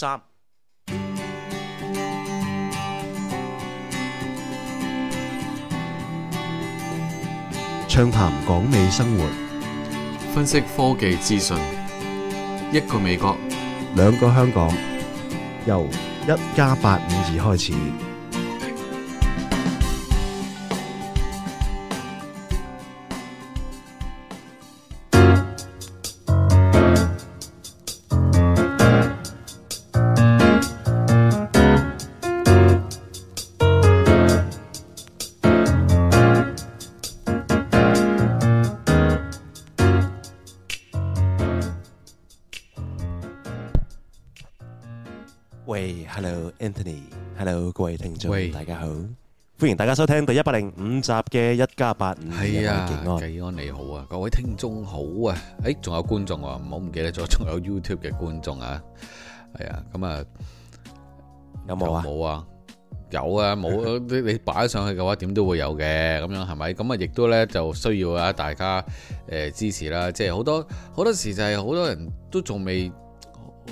暢談港美生活，分析科技資訊。一個美國，兩個香港，由一家八五二開始。喂，大家好，歡迎大家收聽第一百零五集嘅一家852。係啊，季安你好啊，各位聽眾好啊，誒，仲有觀眾啊，唔好唔記得咗，仲有 YouTube 嘅觀眾啊，係啊，咁啊，有冇啊？冇啊？有啊，冇啊，你你擺上去嘅話，點都會有嘅，咁樣係咪？咁啊，亦都咧就需要啊，大家誒支持啦，即係好多好多時就係好多人都仲未。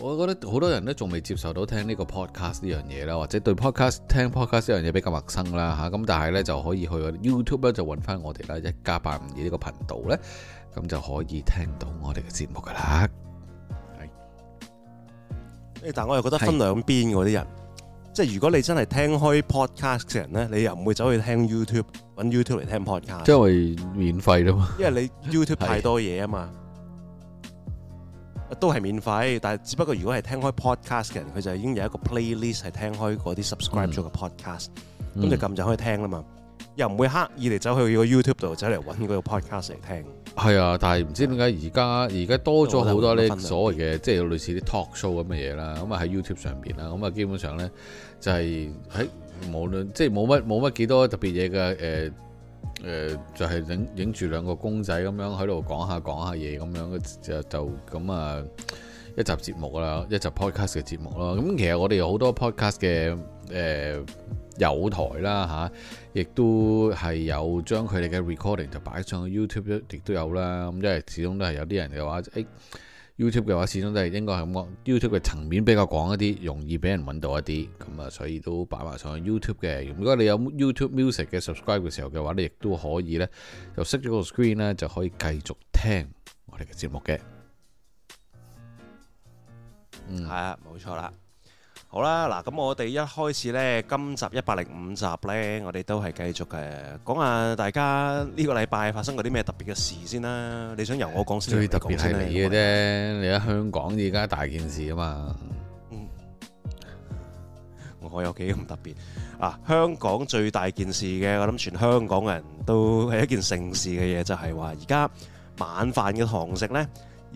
我覺得好多人都仲未接受到聽呢個 podcast 呢樣嘢啦，或者對 podcast 聽 podcast 呢樣嘢比較陌生啦吓，咁但係咧就可以去 YouTube 咧就揾翻我哋啦，一家八五二呢個頻道咧，咁就可以聽到我哋嘅節目噶啦。但我又覺得分兩邊嗰啲人，是即係如果你真係聽開 podcast 嘅人咧，你又唔會走去聽 YouTube 揾 YouTube 嚟聽 podcast，因為免費啊嘛，因為你 YouTube 太多嘢啊嘛。都係免費，但係只不過如果係聽開 podcast 嘅人，佢就已經有一個 playlist 係聽開嗰啲 subscribe 咗嘅 podcast，咁就撳就可以聽啦嘛，又唔會刻意嚟走去 YouTube，個 YouTube 度走嚟揾嗰個 podcast 嚟聽。係啊，但係唔知點解而家而家多咗好多呢所謂嘅即係類似啲 talk show 咁嘅嘢啦，咁啊喺 YouTube 上面啦，咁啊基本上咧就係、是、喺無論即係冇乜冇乜幾多特別嘢嘅誒。呃誒、呃、就係影影住兩個公仔咁樣喺度講下講下嘢咁樣，就就咁啊一集節目啦，一集 podcast 嘅節目啦。咁其實我哋好多 podcast 嘅誒、呃、有台啦嚇，亦、啊、都係有將佢哋嘅 recording 就擺上 YouTube，亦都有啦。咁因為始終都係有啲人嘅話誒。哎 YouTube 嘅話，始終都係應該係咁講。YouTube 嘅層面比較廣一啲，容易俾人揾到一啲，咁啊，所以都擺埋上去 YouTube 嘅。如果你有 YouTube Music 嘅 subscribe 嘅時候嘅話咧，你亦都可以呢，就熄咗個 screen 呢，就可以繼續聽我哋嘅節目嘅。嗯，係啊，冇錯啦。好啦，嗱咁我哋一開始咧，今集一百零五集咧，我哋都係繼續嘅，講下大家呢個禮拜發生過啲咩特別嘅事先啦。你想由我講先，最特別係你嘅啫，你喺香港而家大件事啊嘛。嗯，我有幾咁特別啊？香港最大件事嘅，我諗全香港人都係一件盛事嘅嘢，就係話而家晚飯嘅堂食咧。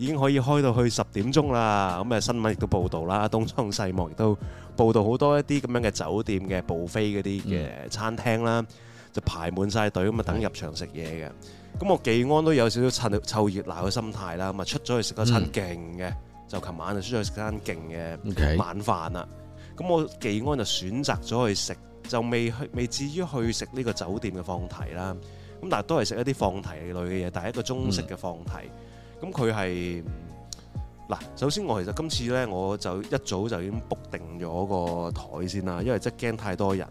已經可以開到去十點鐘啦，咁啊新聞亦都報道啦，東張西望亦都報道好多一啲咁樣嘅酒店嘅爆飛嗰啲嘅餐廳啦，就排滿曬隊咁啊等入場食嘢嘅。咁我技安都有少少趁湊熱鬧嘅心態啦，咁啊出咗去食咗餐勁嘅，就琴晚就出咗去食餐勁嘅晚飯啦。咁我技安就選擇咗去食，就未去未至於去食呢個酒店嘅放題啦。咁但係都係食一啲放題類嘅嘢，但係一個中式嘅放題。咁佢係嗱，首先我其實今次呢，我就一早就已經 book 定咗個枱先啦，因為即係驚太多人。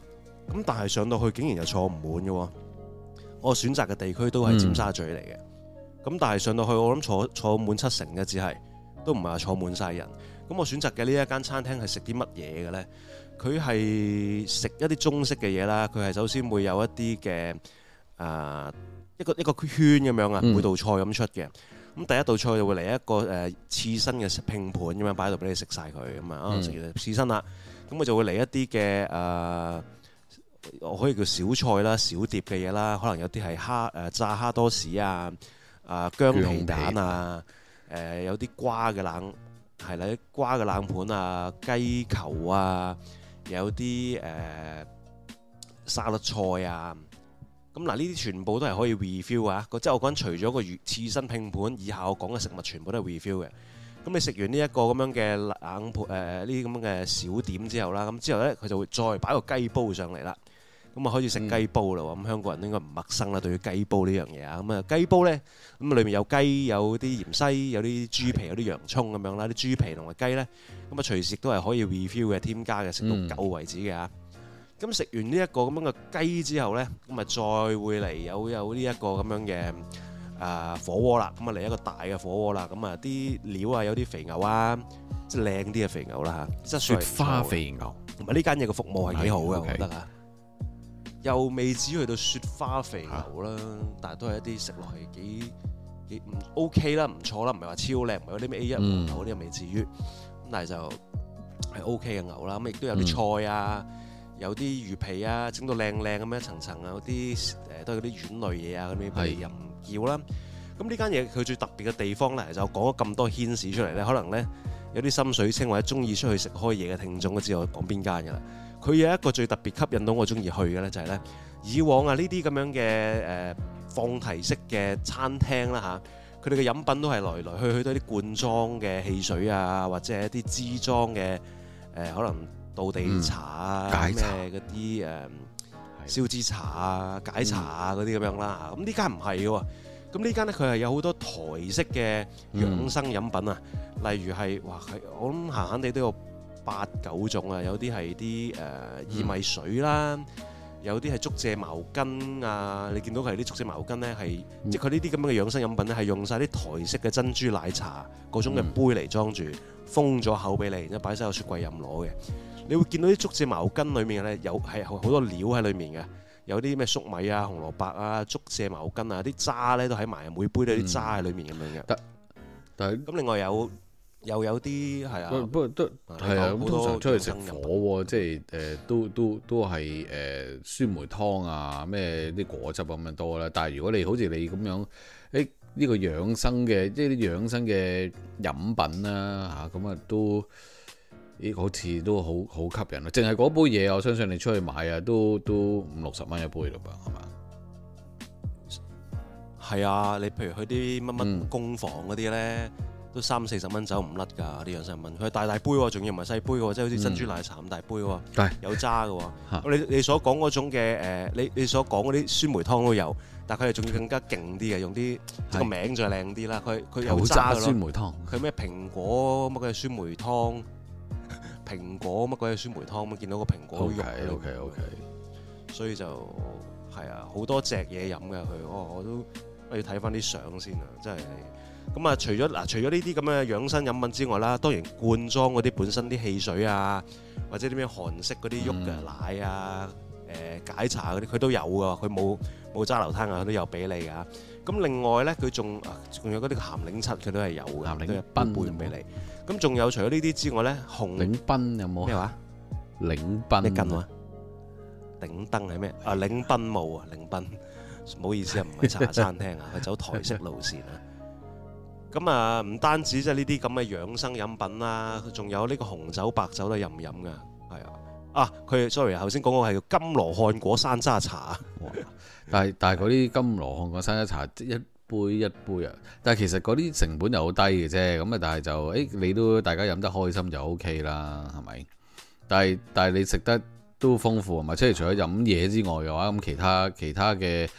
咁但係上到去，竟然又坐唔滿嘅。我選擇嘅地區都係尖沙咀嚟嘅。咁、嗯、但係上到去我，我諗坐坐滿七成嘅，只係都唔係話坐滿晒人。咁我選擇嘅呢一間餐廳係食啲乜嘢嘅呢？佢係食一啲中式嘅嘢啦。佢係首先會有一啲嘅啊一個一個圈咁樣啊，每道菜咁出嘅。嗯嗯。咁第一道菜就會嚟一個誒刺身嘅拼盤，咁樣擺喺度俾你食晒佢咁啊！食、嗯、刺身啦，咁我就會嚟一啲嘅誒，我可以叫小菜啦、小碟嘅嘢啦，可能有啲係蝦誒、呃、炸蝦多士啊、啊薑蓉蛋啊，誒皮、呃、有啲瓜嘅冷係啦，瓜嘅冷盤啊、雞球啊，有啲誒、呃、沙律菜啊。咁嗱，呢啲全部都係可以 refill 啊！即係我講除咗個魚刺身拼盤，以下我講嘅食物全部都係 refill 嘅。咁你食完呢一個咁樣嘅冷盤，呢啲咁樣嘅小點之後啦，咁之後呢，佢就會再擺個雞煲上嚟啦。咁啊可以食雞煲喇喎！咁、嗯嗯、香港人應應該唔陌生啦，對於雞煲呢樣嘢啊。咁啊雞煲呢？咁裏裏面有雞，有啲芫茜，有啲豬皮，有啲洋葱咁樣啦，啲豬皮同埋雞呢，咁啊隨時都係可以 refill 嘅，添加嘅，食到夠為止嘅啊！嗯咁食完呢一個咁樣嘅雞之後咧，咁啊再會嚟有有呢一個咁樣嘅啊火鍋啦，咁啊嚟一個大嘅火鍋啦，咁啊啲料啊有啲肥牛啊，即係靚啲嘅肥牛啦嚇，即係雪花肥牛，同埋呢間嘢嘅服務係幾好嘅，我覺得啊，又未至於去到雪花肥牛啦，但係都係一啲食落去幾幾唔 OK 啦，唔錯啦，唔係話超靚，唔係嗰啲咩 A1 牛呢？啲，未至於咁，但係就係 OK 嘅牛啦，咁亦都有啲菜啊。嗯有啲魚皮啊，整到靚靚咁樣一層層啊，嗰啲誒都係嗰啲軟類嘢啊，嗰啲譬如任料啦。咁呢間嘢佢最特別嘅地方咧，就講咗咁多軒事出嚟咧，可能咧有啲心水清或者中意出去食開嘢嘅聽眾都知道我講邊間㗎啦。佢有一個最特別吸引到我中意去嘅咧，就係咧以往啊呢啲咁樣嘅誒放題式嘅餐廳啦嚇，佢哋嘅飲品都係來來去去都係啲罐裝嘅汽水啊，或者係一啲支裝嘅誒可能。道地茶啊，咩嗰啲誒燒脂茶啊、解茶啊嗰啲咁樣啦。咁呢間唔係嘅喎，咁呢間咧佢係有好多台式嘅養生飲品啊，嗯、例如係哇係，我諗閒閒地都有八九種啊。有啲係啲誒薏米水啦，嗯、有啲係竹蔗茅根啊。你見到佢係啲竹蔗茅根咧，係、嗯、即係佢呢啲咁樣嘅養生飲品咧，係用晒啲台式嘅珍珠奶茶嗰種嘅杯嚟裝住，嗯、封咗口俾你，然之後擺晒個雪櫃任攞嘅。你會見到啲竹蔗茅根裏面咧有係好多料喺裏面嘅，有啲咩粟米啊、紅蘿蔔啊、竹蔗茅根啊，啲渣咧都喺埋每杯都有啲渣喺裏面咁樣嘅。得，但係咁另外有又有啲係啊，不過都係啊。咁通常出去食火喎，即係誒，都都都係誒酸梅湯啊，咩啲果汁咁樣多啦。但係如果你好似你咁樣，誒呢個養生嘅即係啲養生嘅飲品啦嚇，咁啊都。咦，好似都好好吸引啊！淨係嗰杯嘢，我相信你出去買啊，都都五六十蚊一杯咁噃，係嘛？係啊，你譬如去啲乜乜工房嗰啲咧，嗯、都三四十蚊走唔甩噶啲養生飲品。佢大大杯喎，仲要唔係細杯喎，即係好似珍珠奶茶咁大杯喎，嗯、有渣噶喎、啊。你你所講嗰種嘅誒，你你所講嗰啲酸梅湯都有，但係佢哋仲要更加勁啲嘅，用啲個是名就靚啲啦。佢佢有渣酸梅湯，佢咩蘋果乜鬼酸梅湯？蘋果乜鬼嘢酸梅湯？見到個蘋果好用，O K O K O K，所以就係啊，好多隻嘢飲嘅佢。哦，我都我要睇翻啲相先啊，真係。咁啊，除咗嗱、啊，除咗呢啲咁嘅養生飲品之外啦，當然罐裝嗰啲本身啲汽水啊，或者啲咩韓式嗰啲喐嘅奶啊、誒、嗯呃、解茶嗰啲，佢都有㗎。佢冇冇揸流灘啊，佢都有俾你嘅。咁另外咧，佢仲仲有嗰啲鹹檸七，佢都係有嘅，鹹檸都一揼杯俾你。咁仲有除咗呢啲之外咧，紅領賓有冇咩話？領賓一斤話頂燈係咩？啊，領賓冇啊，領賓唔好意思啊，唔係茶餐廳啊，去 走台式路線啊。咁啊，唔單止即係呢啲咁嘅養生飲品啦，佢仲有呢個紅酒、白酒都飲唔飲噶？係啊，啊，佢 sorry，頭先講過係叫金羅漢果山楂茶啊，但係是 但係嗰啲金羅漢果山楂茶一。杯一杯啊，但係其實嗰啲成本又好低嘅啫，咁啊，但係就誒、哎，你都大家飲得開心就 O K 啦，係咪？但係但係你食得都豐富係咪，即係除咗飲嘢之外嘅話，咁其他其他嘅誒、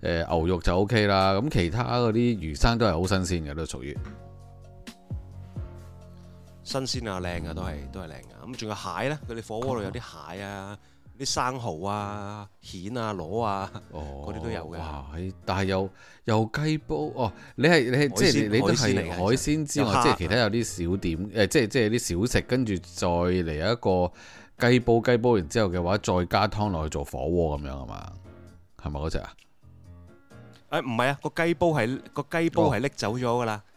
呃、牛肉就 O K 啦，咁其他嗰啲魚生都係好新鮮嘅，都屬於新鮮啊靚嘅、啊，都係都係靚嘅。咁仲有蟹呢，佢哋火鍋度有啲蟹啊。啲生蚝啊、蜆啊、螺啊，嗰啲、哦、都有嘅。哇！但係又又雞煲哦，你係你係即係你都係海，海鮮之外，啊、即係其他有啲小點，誒即係即係啲小食，跟住再嚟一個雞煲，雞煲完之後嘅話，再加湯落去做火鍋咁樣係嘛？係咪嗰隻啊？誒唔係啊，個雞煲係個雞煲係拎走咗㗎啦。哦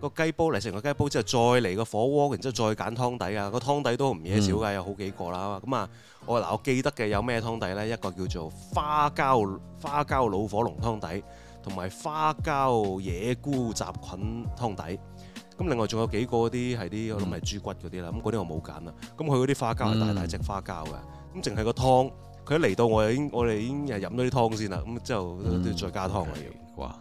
個雞煲嚟食完個雞煲之後，再嚟個火鍋，然之後再揀湯底啊！個湯底都唔嘢少㗎，有好幾個啦。咁啊，我嗱我記得嘅有咩湯底咧？一個叫做花膠花膠老火龍湯底，同埋花膠野菇雜菌湯底。咁另外仲有幾個嗰啲係啲我諗係豬骨嗰啲啦。咁嗰啲我冇揀啦。咁佢嗰啲花膠係大大隻花膠㗎。咁淨係個湯，佢一嚟到我哋已經我哋已經係飲咗啲湯先啦。咁之後都要再加湯㗎要哇。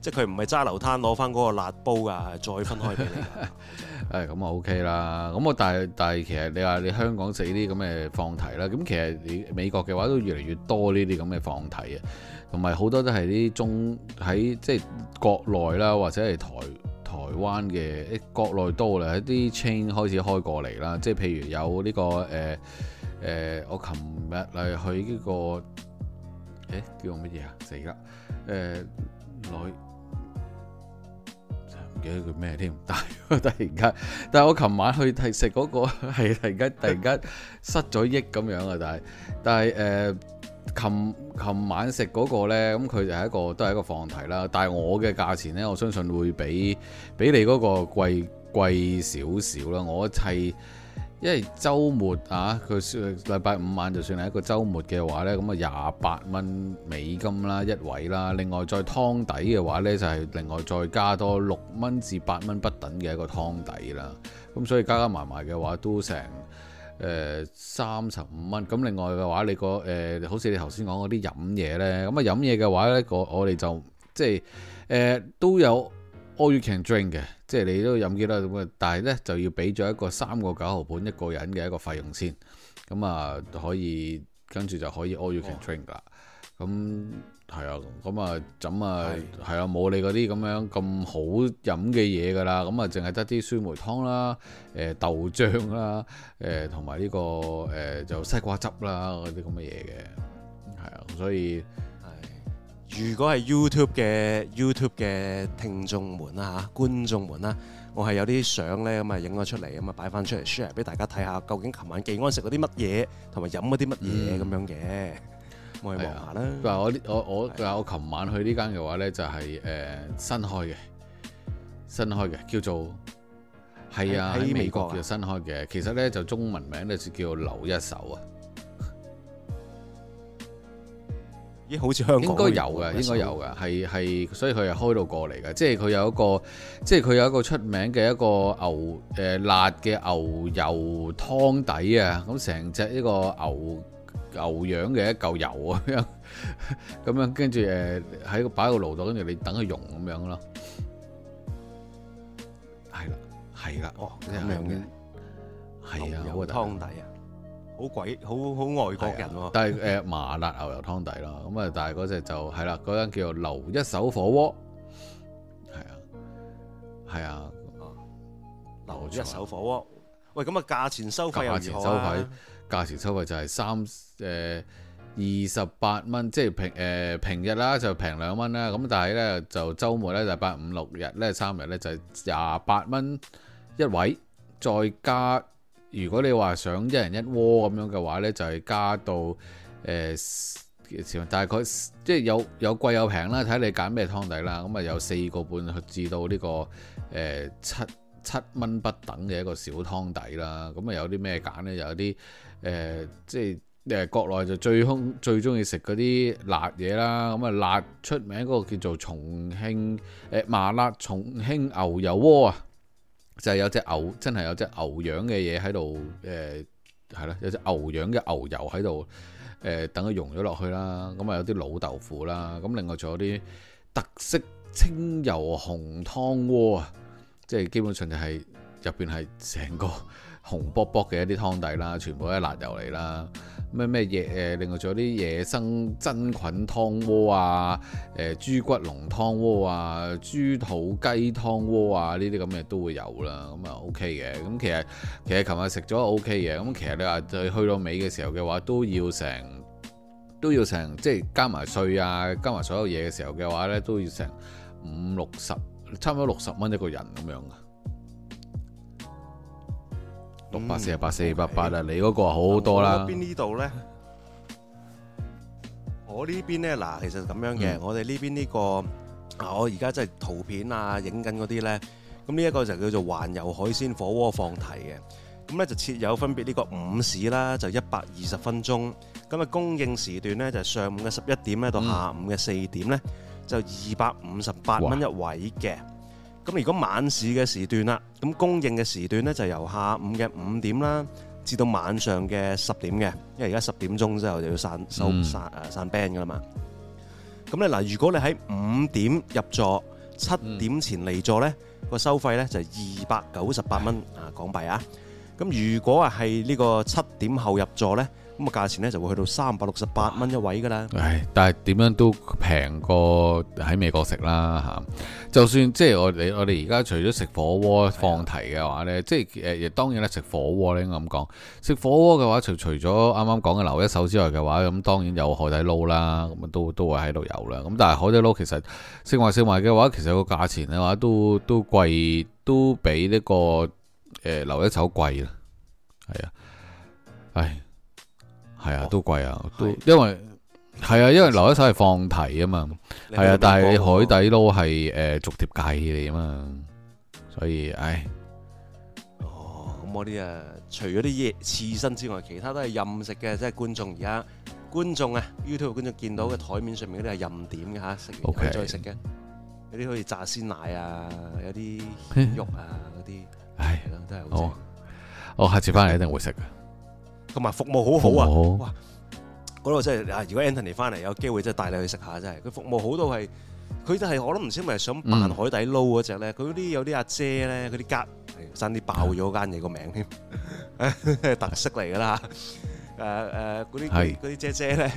即係佢唔係揸流攤攞翻嗰個辣煲㗎，再分開俾你。誒咁啊 OK 啦，咁我但係但係其實你話你香港食啲咁嘅放題啦，咁其實你美國嘅話都越嚟越多呢啲咁嘅放題啊，同埋好多都係啲中喺即係國內啦，或者係台台灣嘅國內多啦，一啲 chain 開始開過嚟啦，即係譬如有呢個誒誒、呃呃，我琴日嚟去呢個誒叫乜嘢啊？死啦誒女。呃唔記得佢咩添，但係突然間，但係我琴晚去提食嗰個係突然間突然間失咗憶咁樣啊！但係但係誒，琴、呃、琴晚食嗰個咧，咁佢就係一個都係一個放題啦。但係我嘅價錢咧，我相信會比比你嗰個貴貴少少啦。我一砌。因為週末啊，佢誒禮拜五晚就算係一個週末嘅話呢，咁啊廿八蚊美金啦一位啦，另外再湯底嘅話呢，就係、是、另外再加多六蚊至八蚊不等嘅一個湯底啦。咁所以加加埋埋嘅話都成誒三十五蚊。咁、呃、另外嘅話，你個誒、呃、好似你頭先講嗰啲飲嘢呢，咁啊飲嘢嘅話呢，個我哋就即係、呃、都有。all you can drink 嘅，即係你都飲幾多咁啊！但係呢就要俾咗一個三個九毫半一個人嘅一個費用先，咁啊可以跟住就可以 all you can drink 啦。咁係、哦、啊，咁啊怎啊係啊冇你嗰啲咁樣咁好飲嘅嘢噶啦，咁啊淨係得啲酸梅湯啦、誒豆漿啦、誒同埋呢個誒就西瓜汁啦嗰啲咁嘅嘢嘅，係啊，所以。如果係 YouTube 嘅 YouTube 嘅聽眾們啦嚇，觀眾們啦，我係有啲相咧咁啊，影咗出嚟咁啊，擺翻出嚟 share 俾大家睇下，究竟琴晚記安食咗啲乜嘢，同埋飲咗啲乜嘢咁樣嘅，可以望下啦。嗱，我我我，嗱，我琴晚去呢間嘅話咧，就係誒新開嘅，新開嘅叫做係啊，喺美國叫新開嘅，其實咧就中文名咧就叫留一手啊。咦，好似香港應該有嘅，應該有嘅，係係、嗯，所以佢係開到過嚟嘅，即係佢有一個，即係佢有一個出名嘅一個牛誒、呃、辣嘅牛油湯底啊，咁成隻呢個牛牛樣嘅一嚿油咁樣，咁樣跟住誒喺個擺喺個爐度，跟住你等佢溶咁樣咯，係啦，係啦，哦，咁樣嘅，係啊的，牛油湯底啊。好鬼好好外國人喎，啊啊，但係誒、呃、麻辣牛油湯底咯，咁啊，但係嗰隻就係啦，嗰間叫做留一手火鍋，係啊，係啊，留一手火鍋。錯喂，咁啊，價錢收費又如何啊？價錢收費就係三誒二十八蚊，即、呃、係、就是、平誒、呃、平日啦，就平兩蚊啦。咁但係咧就週末咧就八五六日咧三日咧就係廿八蚊一位，再加。如果你話想一人一鍋咁樣嘅話呢就係、是、加到誒、呃，大概即係有有貴有平啦，睇你揀咩湯底啦。咁啊有四個半至到呢個誒七七蚊不等嘅一個小湯底啦。咁啊有啲咩揀呢？有啲誒、呃、即係誒國內就最興最中意食嗰啲辣嘢啦。咁啊辣出名嗰個叫做重慶、呃、麻辣重慶牛油鍋啊！就係有隻牛，真係有隻牛樣嘅嘢喺度，誒係咯，有隻牛樣嘅牛油喺度，誒等佢溶咗落去啦。咁啊有啲老豆腐啦，咁另外仲有啲特色清油紅湯鍋啊，即係基本上就係入邊係成個紅卜卜嘅一啲湯底啦，全部都係辣油嚟啦。咩咩嘢誒，另外仲有啲野生真菌湯鍋啊，誒、呃、豬骨濃湯鍋啊，豬肚雞湯鍋啊，呢啲咁嘅都會有啦，咁啊 OK 嘅。咁其實其實琴日食咗 OK 嘅，咁其實你話去到尾嘅時候嘅話，都要成都要成即係加埋稅啊，加埋所有嘢嘅時候嘅話呢，都要成五六十，差唔多六十蚊一個人咁樣六百四十八四百八啊，你嗰個好多啦。我邊呢度咧，我呢邊咧嗱，其實咁樣嘅，嗯、我哋呢邊呢個，我而家即係圖片啊，影緊嗰啲咧，咁呢一個就叫做環遊海鮮火鍋放題嘅，咁咧就設有分別呢個午市啦，就一百二十分鐘，咁啊供應時段咧就係、上午嘅十一點咧到下午嘅四點咧，嗯、就二百五十八蚊一位嘅。咁如果晚市嘅時段啦，咁供應嘅時段呢，就由下午嘅五點啦，至到晚上嘅十點嘅，因為而家十點鐘之後就要散收散誒散 band 噶啦嘛。咁咧嗱，如果你喺五點入座，七點前離座呢，個、嗯、收費呢就二百九十八蚊啊港幣啊。咁如果啊係呢個七點後入座呢？咁嘅價錢咧就會去到三百六十八蚊一位噶啦。唉，但係點樣都平過喺美國食啦嚇。就算即係我哋我哋而家除咗食火鍋放題嘅話呢的即係誒、呃，當然咧食火鍋咧，我咁講，食火鍋嘅話，除除咗啱啱講嘅留一手之外嘅話，咁當然有海底撈啦，咁都都會喺度有啦。咁但係海底撈其實食埋食埋嘅話，其實個價錢嘅話都都貴，都比呢、這個誒留、呃、一手貴啦。係啊，唉。係啊，都貴啊，都因為係啊，因為留一手係放題啊嘛，係啊，但係海底撈係誒逐碟計嚟啊嘛，所以唉。哦，咁嗰啲啊，除咗啲嘢刺身之外，其他都係任食嘅，即係觀眾而家觀眾啊，YouTube 觀眾見到嘅枱面上面嗰啲係任點嘅嚇，食完可以再食嘅。嗰啲好似炸鮮奶啊，有啲肉啊嗰啲。唉，都係好正。我下次翻嚟一定會食同埋服務好好啊！哇，嗰度真係啊！如果 Anthony 翻嚟有機會，真係帶你去食下真係。佢服務好到係，佢就係我都唔知係咪想扮海底撈嗰隻咧。佢嗰啲有啲阿姐咧，佢啲吉爭啲爆咗間嘢個名添，特色嚟㗎喇。誒誒，嗰啲嗰啲姐姐咧，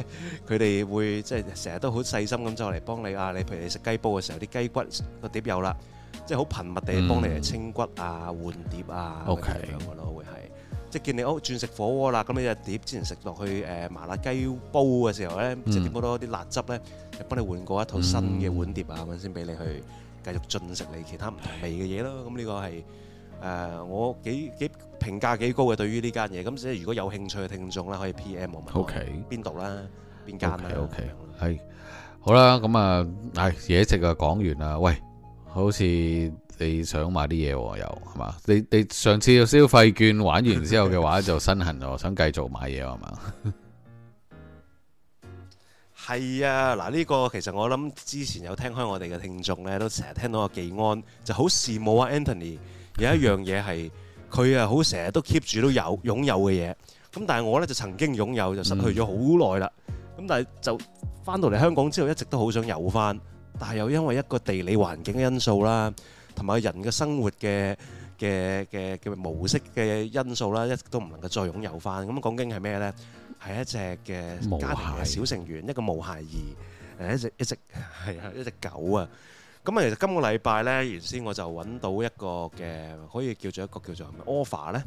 佢哋會即係成日都好細心咁走嚟幫你啊！你譬如食雞煲嘅時候，啲雞骨個碟有啦，即係好頻密地幫你清骨啊、換碟啊咁樣嘅咯，會係。即係見你歐轉食火鍋啦，咁你嘅碟之前食落去誒，麻辣雞煲嘅時候咧，即係點咗多啲辣汁咧，就幫你換過一套新嘅碗碟啊，咁先俾你去繼續進食你其他唔同味嘅嘢咯。咁呢個係誒我幾幾評價幾高嘅對於呢間嘢。咁所以如果有興趣嘅聽眾咧，可以 PM 我問下邊度啦，邊間啊？OK，係好啦，咁啊，係嘢食啊講完啦，喂，好似～你想買啲嘢喎，又係嘛？你你上次嘅消費券玩完之後嘅話，就身痕咗，想繼續買嘢係嘛？係啊，嗱呢個其實我諗之前有聽開我哋嘅聽眾咧，都成日聽到阿記安就好羨慕啊 Anthony 有一樣嘢係佢啊好成日都 keep 住都有擁有嘅嘢，咁但係我咧就曾經擁有就失去咗好耐啦。咁但係就翻到嚟香港之後一直都好想有翻，但係又因為一個地理環境嘅因素啦。同埋人嘅生活嘅嘅嘅嘅模式嘅因素啦，一直都唔能夠再擁有翻。咁講緊係咩呢？係一隻嘅家庭小成員，鞋一個毛孩兒，誒一隻一隻係一隻狗啊。咁啊，其實今個禮拜呢，原先我就揾到一個嘅，可以叫做一個叫做咩 offer 咧？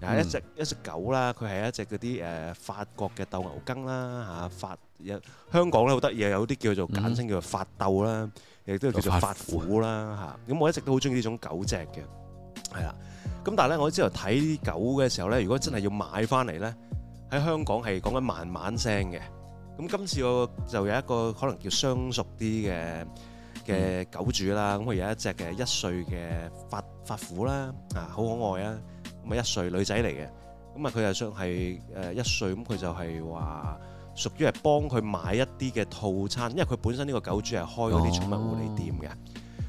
一隻一隻一隻狗啦，佢係一隻嗰啲誒法國嘅鬥牛梗啦嚇，法、啊、香港咧好得意，有啲叫做簡稱叫做法鬥啦。嗯亦都叫做法虎啦嚇，咁我一直都好中意呢種狗隻嘅，係啦。咁但係咧，我之後睇狗嘅時候咧，如果真係要買翻嚟咧，喺香港係講緊萬萬聲嘅。咁今次我就有一個可能叫相熟啲嘅嘅狗主啦，咁佢、嗯、有一隻嘅一歲嘅法法虎啦，啊好可愛啊，咁啊一歲女仔嚟嘅，咁啊佢係想係誒一歲，咁佢就係話。屬於係幫佢買一啲嘅套餐，因為佢本身呢個狗主係開嗰啲寵物護理店嘅，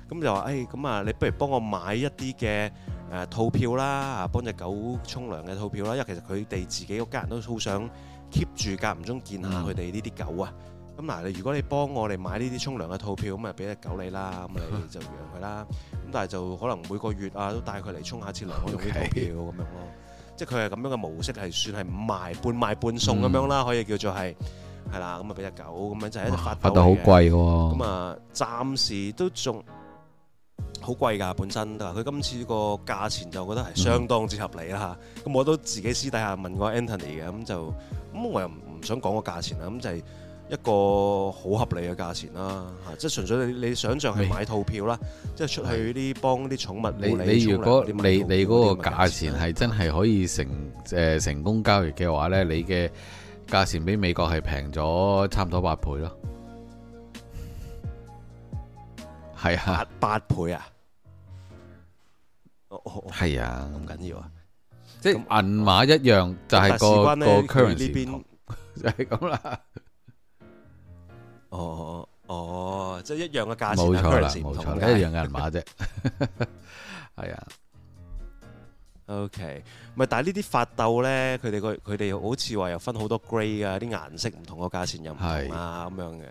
咁、oh. 就話，誒、哎，咁啊，你不如幫我買一啲嘅誒套票啦，啊，幫隻狗沖涼嘅套票啦，因為其實佢哋自己屋家人都好想 keep 住，間唔中見下佢哋呢啲狗啊。咁嗱、oh.，你如果你幫我哋買呢啲沖涼嘅套票，咁咪俾隻狗你啦，咁你就養佢啦。咁 但係就可能每個月啊，都帶佢嚟沖下次涼用啲套票咁 Okay. 樣咯。即係佢係咁樣嘅模式，係算係賣半賣半送咁樣啦，嗯、可以叫做係係啦，咁啊俾隻狗咁樣就係一,一隻發到好貴喎、哦，咁啊暫時都仲好貴㗎本身都，但係佢今次呢個價錢就覺得係相當之合理啦嚇，咁、嗯、我都自己私底下問過 Anthony 嘅，咁就咁我又唔唔想講個價錢啦，咁就係、是。一個好合理嘅價錢啦，嚇！即係純粹你你想像係買套票啦，即係美出去啲幫啲寵物,物你你如果物物你你嗰個價錢係真係可以成誒、呃、成功交易嘅話咧，你嘅價錢比美國係平咗差唔多倍八倍咯。係啊，八倍啊？哦係、哦、啊，咁緊要啊，即係銀碼一樣，那就係、嗰個呢個 currency 這邊 就係咁啦。哦哦，即係一樣嘅價錢，冇錯啦，冇錯，錯一樣嘅人馬啫，係啊 的。OK，咪但係呢啲法鬥咧，佢哋佢哋好似話又分好多 grade 啊，啲顏色唔同個價錢又唔同啊，咁是樣嘅。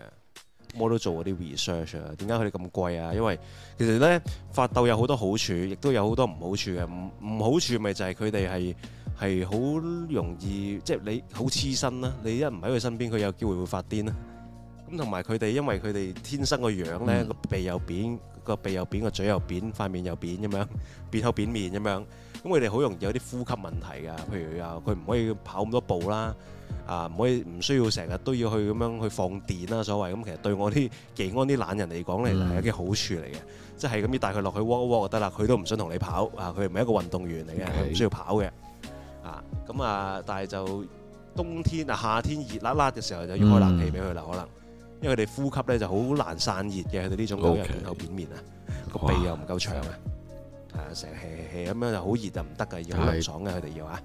我都做嗰啲 research 啊，點解佢哋咁貴啊？因為其實咧法鬥有好多好處，亦都有好多唔好處嘅。唔唔好處咪就係佢哋係係好容易，即係你好黐身啊。你一唔喺佢身邊，佢有機會會發癲啊。咁同埋佢哋，他們因為佢哋天生個樣咧，個、嗯、鼻又扁，個鼻又扁，個嘴又扁，塊面又扁咁樣，扁口扁面咁樣。咁佢哋好容易有啲呼吸問題嘅，譬如又佢唔可以跑咁多步啦，啊唔可以唔需要成日都要去咁樣去放電啦，所謂咁其實對我啲幾安啲懶人嚟講嚟係有啲好處嚟嘅，即係咁要帶佢落去窩一窩就得啦，佢都唔想同你跑，啊佢唔係一個運動員嚟嘅，佢唔 Okay. 需要跑嘅，啊咁啊，但係就冬天啊夏天熱辣辣嘅時候就要開冷氣俾佢啦，嗯、可能。因為佢哋呼吸咧就好難散熱嘅，佢哋呢種狗 Okay, 又唔夠扁面啊，個鼻又唔夠長啊，啊哇，成 hea hea hea 咁樣就好熱就唔得嘅，要涼爽嘅佢哋要啊，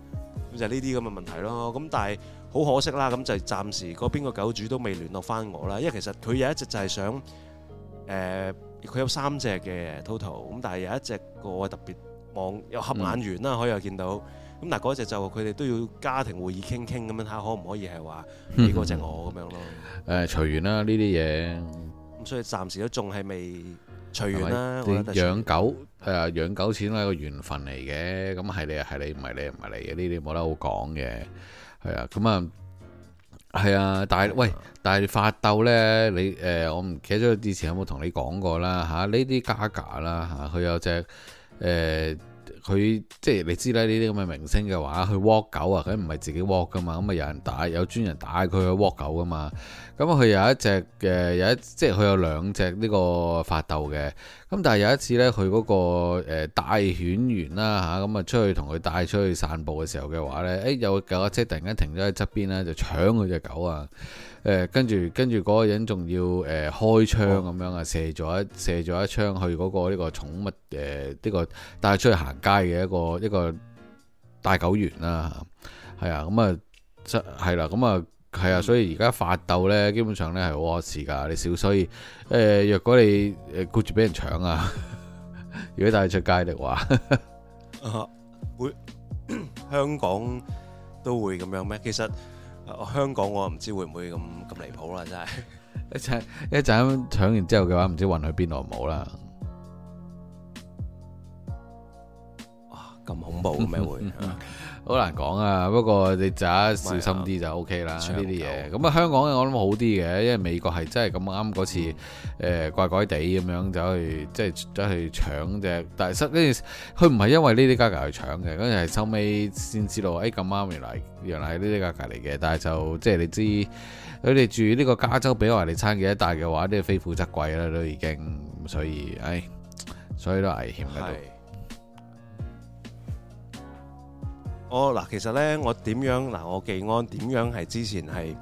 咁就呢啲咁嘅問題咯。咁但係好可惜啦，咁就暫時嗰邊個狗主都未聯絡翻我啦。因為其實佢有一隻就係想，誒、呃，佢有三隻嘅 total，咁但係有一隻個特別望有合眼緣啦，嗯、可以又見到。咁但嗰隻就佢哋都要家庭會議，傾傾，咁樣睇下可唔可以，係話你嗰隻我咁樣咯？誒隨緣啦呢啲嘢。咁、嗯、所以暫時都仲係未隨緣啦。你吧養狗啊、呃，養狗始終係個緣分嚟嘅。咁係你係你，唔係你唔係你嘅，呢啲冇得好講嘅。係啊，咁啊係啊。但係喂，但係法鬥咧，你誒、呃、我唔記得之前有冇同你講過啦。嚇呢啲加價啦嚇，佢、啊、有隻誒。呃佢即係你知啦，呢啲咁嘅明星嘅話，佢 walk 狗啊，佢唔係自己 walk 噶嘛，咁啊有人打，有專人打佢去 walk 狗噶嘛，咁、嗯、佢有一隻嘅，有、呃、一即係佢有兩隻呢個法鬥嘅。咁但係有一次呢，佢嗰、嗰個、呃、大犬員啦嚇，咁啊，啊出去同佢帶出去散步嘅時候嘅話呢，誒有架車突然間停咗喺側邊呢，就搶佢隻狗啊！誒跟住跟住嗰個人仲要誒、呃、開槍咁樣啊，射咗一射咗一槍去嗰個呢個寵物誒呢、呃呢個帶出去行街嘅一個一、一個大狗員啦，係啊，咁啊，係啦，咁啊。係啊，所以而家發鬥咧，基本上咧係好禍事㗎。你少，所以誒，若果你誒顧住俾人搶啊，如果帶你出街的話，呵呵啊、會香港都會咁樣咩？其實、呃、香港我唔知會唔會咁咁離譜啦，真係一陣一陣搶完之後嘅話，唔知運去邊度好啦。哇！咁恐怖咩會？嗯好難講啊！不過你就小心啲就 O K 啦，呢啲嘢。咁啊，香港我諗好啲嘅，因為美國係真係咁啱嗰次誒、嗯呃、怪怪地咁樣走去，即係走去搶隻，但係收佢唔係因為呢啲價格去搶嘅，跟住係收尾先知道，哎咁啱原來原來係呢啲價格嚟嘅。但係就即係你知，佢哋、嗯、住呢個加州比華利山嗰一帶嘅話，都非富則貴啦，都已經。所以，唉，所以都危險嘅。哦嗱，其實咧，我點樣嗱，我寄安點樣係之前係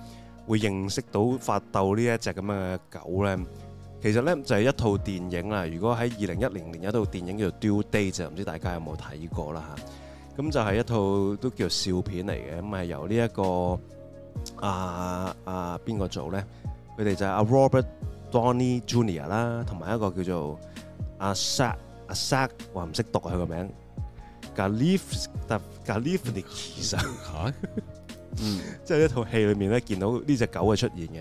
會認識到發鬥呢一隻咁嘅狗咧？其實咧就係一套電影啦。如果喺二零一零年有一套電影叫做《Due Date》啫，唔知大家有冇睇過啦嚇。咁就係一套都叫做笑片嚟嘅，咁係由呢一個阿阿邊個做咧？佢哋就係阿 Robert Downey Jr. 啦，同埋一個叫做阿沙阿沙，我唔識讀佢個名。g a l i f r g a l i f r e y 其實嚇， 即係呢套戲裏面咧，見到呢隻狗嘅出現嘅。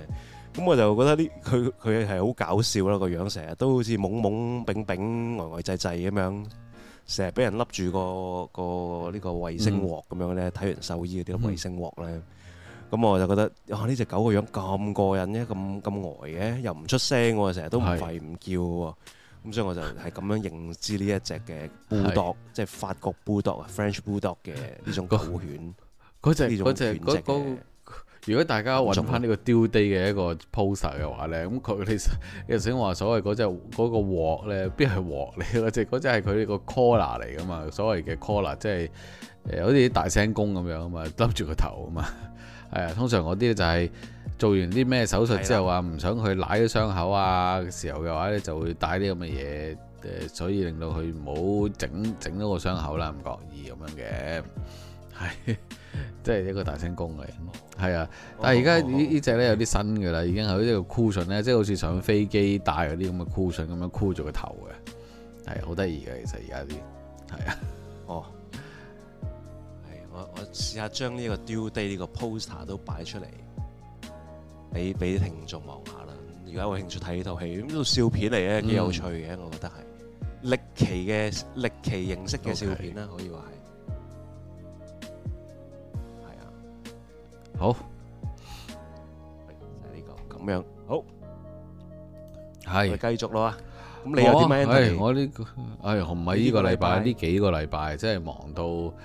咁我就覺得呢，佢佢係好搞笑啦個樣，成日都好似懵懵、丙丙、呆呆、滯滯咁樣，成日俾人笠住個呢、呢個、衛星鑊咁樣咧。睇、嗯嗯、完獸醫嗰啲衛星鑊咧，咁、嗯嗯、我就覺得哇！呢、啊、隻狗個樣咁過癮啫，咁咁呆嘅，又唔出聲喎，成日都唔吠唔叫喎。咁所以我就係咁樣認知呢一隻嘅布多，即係法國布多啊，French 布多嘅呢種狗犬。嗰隻隻如果大家玩翻呢個 a 地嘅一個 pose 嘅話咧，咁佢哋你想先話所謂嗰隻嗰個鑊咧，必係鑊嚟㗎，即嗰隻係佢呢個 c o l l e r 嚟㗎嘛？所謂嘅 c o l l e r 即係好似啲大聲公咁樣啊嘛，住個頭啊嘛。係、啊、通常嗰啲就係做完啲咩手術之後啊，唔的想去舐咗傷口啊嘅時候嘅話咧，就會戴啲咁嘅嘢，誒，所以令到佢唔好整整咗個傷口啦，唔覺意咁樣嘅，係、啊，即係一個大聲公嚟，係啊，哦、但係而家呢呢隻咧有啲新噶啦，嗯、已經係好似個 cushion 咧，即係好似上飛機戴嗰啲咁嘅 cushion 咁樣箍住個頭嘅，係好得意嘅，其實而家啲，係啊，哦。我試下將呢個 Due Day 呢個 poster 都擺出嚟，俾俾啲聽眾望下啦。而家有興趣睇呢套戲，咁呢套笑片嚟咧，幾有趣嘅。嗯、我覺得係歷奇嘅歷奇形式嘅笑片啦，Okay. 可以話係。係啊，好，就呢、這個咁樣，好，係繼是續咯。咁你有啲咩我呢、哎這個係唔係呢個禮拜？呢幾個禮拜真係忙到～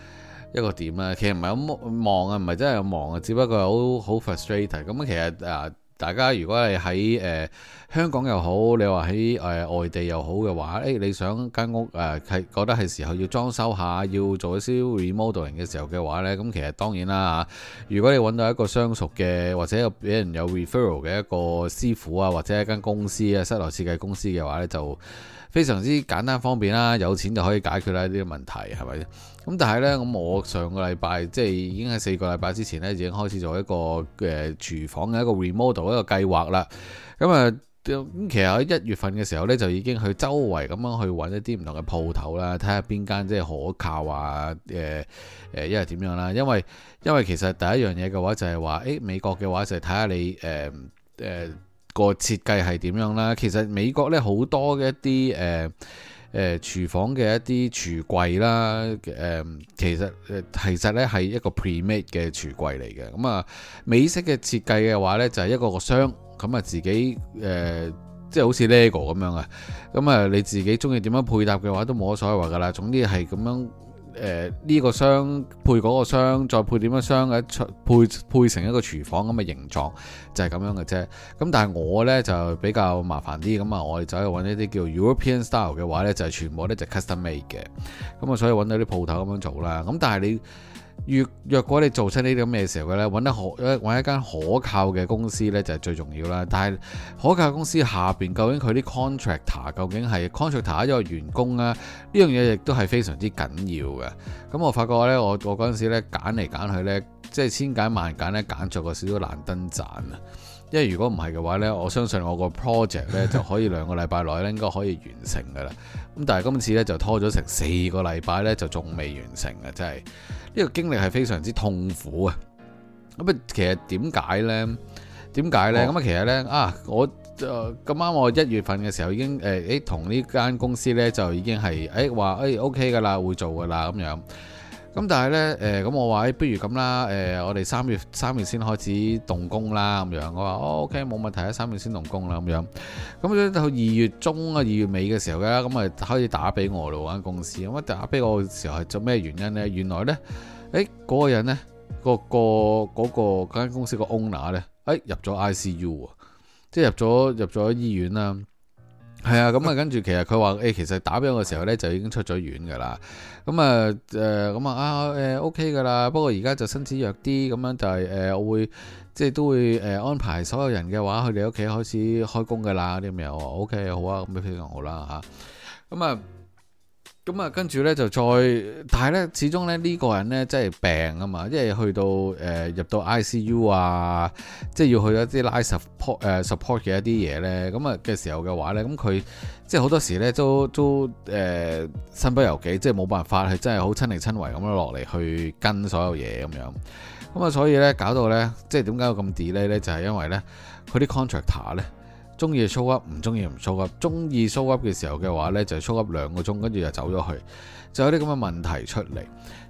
一個點啊，其實唔係咁忙啊，唔係真係咁忙啊，只不過好好 frustrated。咁其實啊、呃，大家如果係喺、呃、香港又好，你話喺、呃、外地又好嘅話、哎，你想間屋、呃、覺得係時候要裝修下，要做一啲 remodeling 嘅時候嘅話呢，咁其實當然啦，如果你揾到一個相熟嘅或者有俾人有 referral 嘅一個師傅啊，或者一間公司啊，室內設計公司嘅話呢，就，非常之簡單方便啦，有錢就可以解決啦呢啲問題，係咪？咁但係呢，咁我上個禮拜即係已經喺四個禮拜之前呢，已經開始做一個嘅、呃、廚房嘅一個 remodel 一個計劃啦。咁啊，咁其實喺一月份嘅時候呢，就已經去周圍咁樣去揾一啲唔同嘅鋪頭啦，睇下邊間即係可靠啊，誒、呃、誒，因為點樣啦、啊？因為因為其實第一樣嘢嘅話就係話，誒、哎、美國嘅話就係睇下你誒誒。呃呃個設計係點樣啦？其實美國咧好多嘅一啲誒誒廚房嘅一啲櫥櫃啦，誒、呃、其實誒、呃、其實咧係一個 pre-made 嘅櫥櫃嚟嘅。咁啊，美式嘅設計嘅話呢，就係、是、一個個箱，咁啊自己誒即係好似 LEGO 咁樣啊。咁啊你自己鍾意點樣配搭嘅話，都冇乜所謂話㗎喇。總之係咁樣。誒呢、呃這個箱配嗰個箱，再配點樣箱嘅配配成一個廚房咁嘅形狀，就係、是、咁樣嘅啫。咁但係我呢，就比較麻煩啲，咁啊我哋走去揾一啲叫 European style 嘅話呢就是、全部呢就是、custom made 嘅。咁啊所以揾到啲鋪頭咁樣做啦。咁但係你。若若果你做出呢啲咁嘅時候嘅咧，揾一可一揾一間可靠嘅公司咧就係最重要啦。但係可靠公司下邊究竟佢啲 contractor 究竟係 contractor 一個員工啊？呢樣嘢亦都係非常之緊要嘅。咁我發覺咧，我我嗰陣時咧揀嚟揀去咧，即係千揀萬揀咧揀咗個少少爛燈盞啊！因為如果唔係嘅話咧，我相信我個 project 咧就可以兩個禮拜內咧應該可以完成噶啦。咁 但係今次咧就拖咗成四個禮拜咧就仲未完成啊！真係。呢個經歷係非常之痛苦啊！咁啊，其實點解呢？點解呢？咁啊、哦，其實呢，啊，我咁啱、呃、我一月份嘅時候已經誒誒同呢間公司呢，就已經係誒話誒 OK 噶啦，會做噶啦咁樣。咁但係咧，誒、欸，咁我話誒、欸，不如咁啦，誒、欸，我哋三月三月先開始動工啦，咁樣。我話、哦、OK，冇問題啊，三月先動工啦，咁樣。咁咧到二月中啊，二月尾嘅時候咧，咁啊開始打俾我啦，嗰間公司。咁啊打俾我嘅時候係做咩原因咧？原來咧，誒、欸、嗰、嗰個人咧，嗰個、嗰個嗰、嗰間公司個 owner 咧，誒、欸、入咗 ICU 即係入咗入咗醫院啦。係啊，咁啊跟住其實佢話誒，其實打俾我嘅時候咧，就已經出咗院噶啦。咁啊，誒、嗯、咁、嗯、啊、嗯，啊，誒、嗯、OK 噶啦，不過而家就身子弱啲，咁樣就係、是、誒、嗯，我會即係都會誒、嗯、安排所有人嘅話，去你屋企開始開工噶啦啲咁樣，OK，好啊，咁、嗯、非常好啦嚇，咁啊。嗯咁啊，跟住咧就再，但係咧始終咧呢、這個人咧真係病啊嘛，因為去到誒、呃、入到 I C U 啊，即係要去一啲拉 support、呃、support 誒 support 嘅一啲嘢咧，咁啊嘅時候嘅話咧，咁、嗯、佢即係好多時咧都都誒、呃、身不由己，即係冇辦法去真係好親力親為咁樣落嚟去跟所有嘢咁樣。咁、嗯、啊，所以咧搞到咧即係點解會咁 delay 咧，就係、是、因為咧佢啲 contract 咧。中意 show up，唔中意唔 show up，中意 show up 嘅時候嘅話呢，就 show up 兩個鐘，跟住就走咗去，就有啲咁嘅問題出嚟。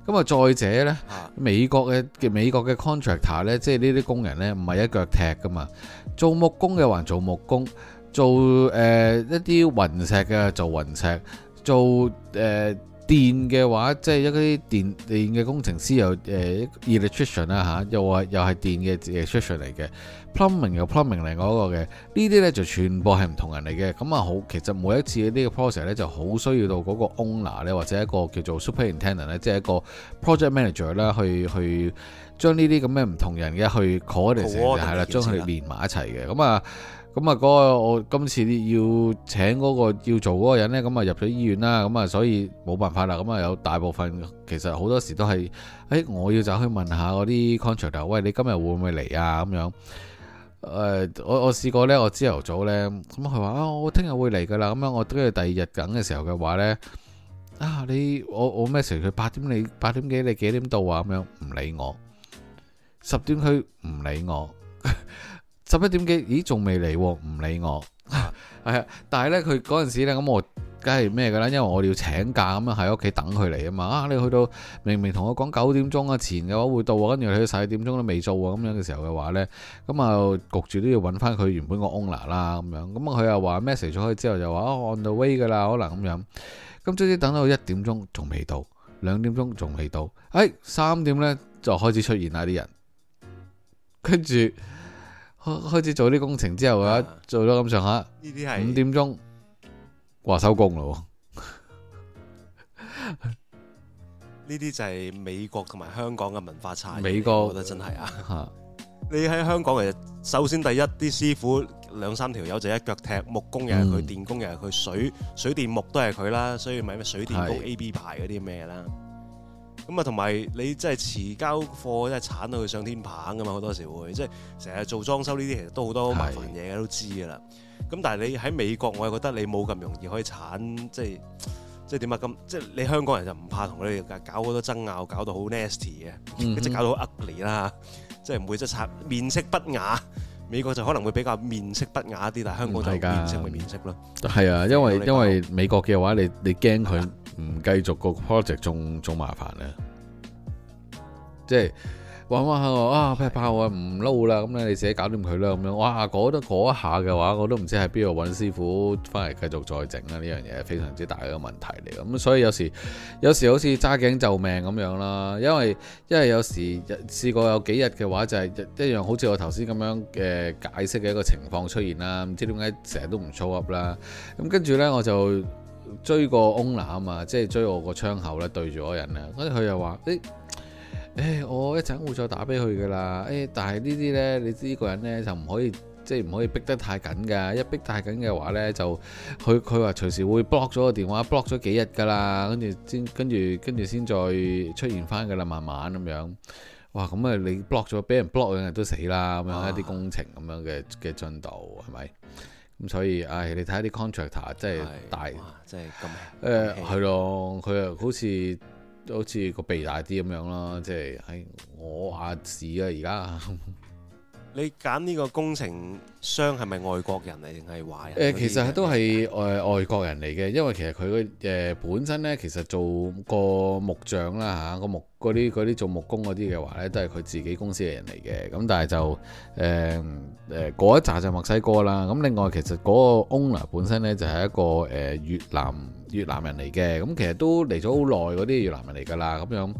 咁啊再者呢，美國嘅嘅美國嘅 contractor 呢，即係呢啲工人呢，唔係一腳踢㗎嘛，做木工嘅還做木工，做誒、呃、一啲雲石嘅做雲石，做誒。呃電嘅話，即係一啲電電嘅工程師又誒 electrician 啦嚇，又話、呃啊、又係電嘅 electrician 嚟嘅，plumbing 又 plumbing 另外一個嘅，呢啲咧就全部係唔同人嚟嘅。咁、嗯、啊好，其實每一次呢個 process 咧就好需要到嗰個 owner 咧，或者一個叫做 superintendent 咧，即係一個 project manager 啦，去去將呢啲咁嘅唔同人嘅去 coordinate 係啦，將佢哋連埋一齊嘅。咁啊～時咁啊，嗰個我今次要請嗰個要做嗰個人咧，咁啊入咗醫院啦，咁啊所以冇辦法啦。咁啊有大部分其實好多時都係，誒我要走去問下嗰啲 contractor，喂，你今日會唔會嚟啊？咁樣，誒我我試過咧，我朝頭早咧，咁佢話啊，我聽日會嚟噶啦，咁樣我跟住第二日等嘅時候嘅話咧，啊你我我 message 佢八點你八點幾你幾點到啊？咁樣唔理我，十點佢唔理我。十一點幾，咦仲未嚟喎？唔理我，係 啊！但係咧，佢嗰陣時咧，咁我梗係咩㗎啦？因為我哋要請假，咁啊喺屋企等佢嚟啊嘛！啊，你去到明明同我講九點鐘啊前嘅話會到，跟住去到十二點鐘都未到啊，咁樣嘅時候嘅話咧，咁啊焗住都要揾翻佢原本個 owner 啦咁樣。咁啊佢又話 message 咗佢之後就話啊 on the way 㗎啦，可能咁樣。咁終於等到一點鐘仲未到，兩點鐘仲未到，哎三點咧就開始出現啦啲人，跟住。開開始做啲工程之後嘅話，做咗咁上下，呢啲係五點鐘話收工啦。呢啲就係美國同埋香港嘅文化差異。美國我覺得真係啊。你喺香港其實，首先第一啲師傅兩三條友就一腳踢，木工又係佢，電工又係佢，水水電木都係佢啦，所以咪咩水電工 A B 牌嗰啲咩啦。咁啊，同埋你即係遲交貨，即係鏟到佢上天棚噶嘛？好多時會即係成日做裝修呢啲，其實都好多好麻煩嘢，是的 都知噶啦。咁但係你喺美國，我又覺得你冇咁容易可以鏟，即係即係點啊？咁即係你香港人就唔怕同佢哋搞好多爭拗，搞到好 nasty 嘅，即搞到 ugly 啦，即係唔會即係面色不雅。美國就可能會比較面色不雅啲，但係香港就面色咪面色咯。係啊，因為因為美國嘅話你，你你驚佢。唔繼續個 project 仲仲麻煩咧，即係話話我啊劈 a t 我唔 l o 啦，咁咧、嗯、你自己搞掂佢啦咁樣。哇，嗰得嗰一下嘅話，我都唔知喺邊度揾師傅翻嚟繼續再整啦。呢樣嘢係非常之大嘅問題嚟。咁、嗯、所以有時有時好似揸頸救命咁樣啦，因為因為有時日試過有幾日嘅話就係、是、一樣好似我頭先咁樣嘅解釋嘅一個情況出現啦，唔知點解成日都唔操 o up 啦。咁跟住咧我就。追過 owner 嘛，即係追我個窗口咧對住我人啊，跟住佢又話：誒、欸、誒、欸，我一陣會,會再打俾佢噶啦。誒、欸，但係呢啲咧，你知個人咧就唔可以，即係唔可以逼得太緊噶。一逼得太緊嘅話咧，就佢佢話隨時會 block 咗個電話，block 咗幾日噶啦。跟住先，跟住跟住先再出現翻噶啦，慢慢咁樣。哇，咁啊，你 block 咗，俾人 block 嘅人都死啦，咁樣一啲工程咁樣嘅嘅進度係咪？咁所以，唉，你睇下啲 contractor，真係大，真係咁，誒係咯，佢又、呃、Okay. 好似好似個鼻大啲咁樣啦，即係喺我阿、啊、子啊而家。 你揀呢個工程商係咪外國人嚟定係華人？誒，其實都係外外國人嚟嘅，因為其實佢誒本身咧，其實做個木匠啦嚇，個木嗰啲嗰啲做木工嗰啲嘅話咧，都係佢自己公司嘅人嚟嘅。咁但係就誒誒嗰一紮就墨西哥啦。咁另外其實嗰個 owner 本身咧就係一個誒越南越南人嚟嘅。咁其實都嚟咗好耐嗰啲越南人嚟㗎喇。咁樣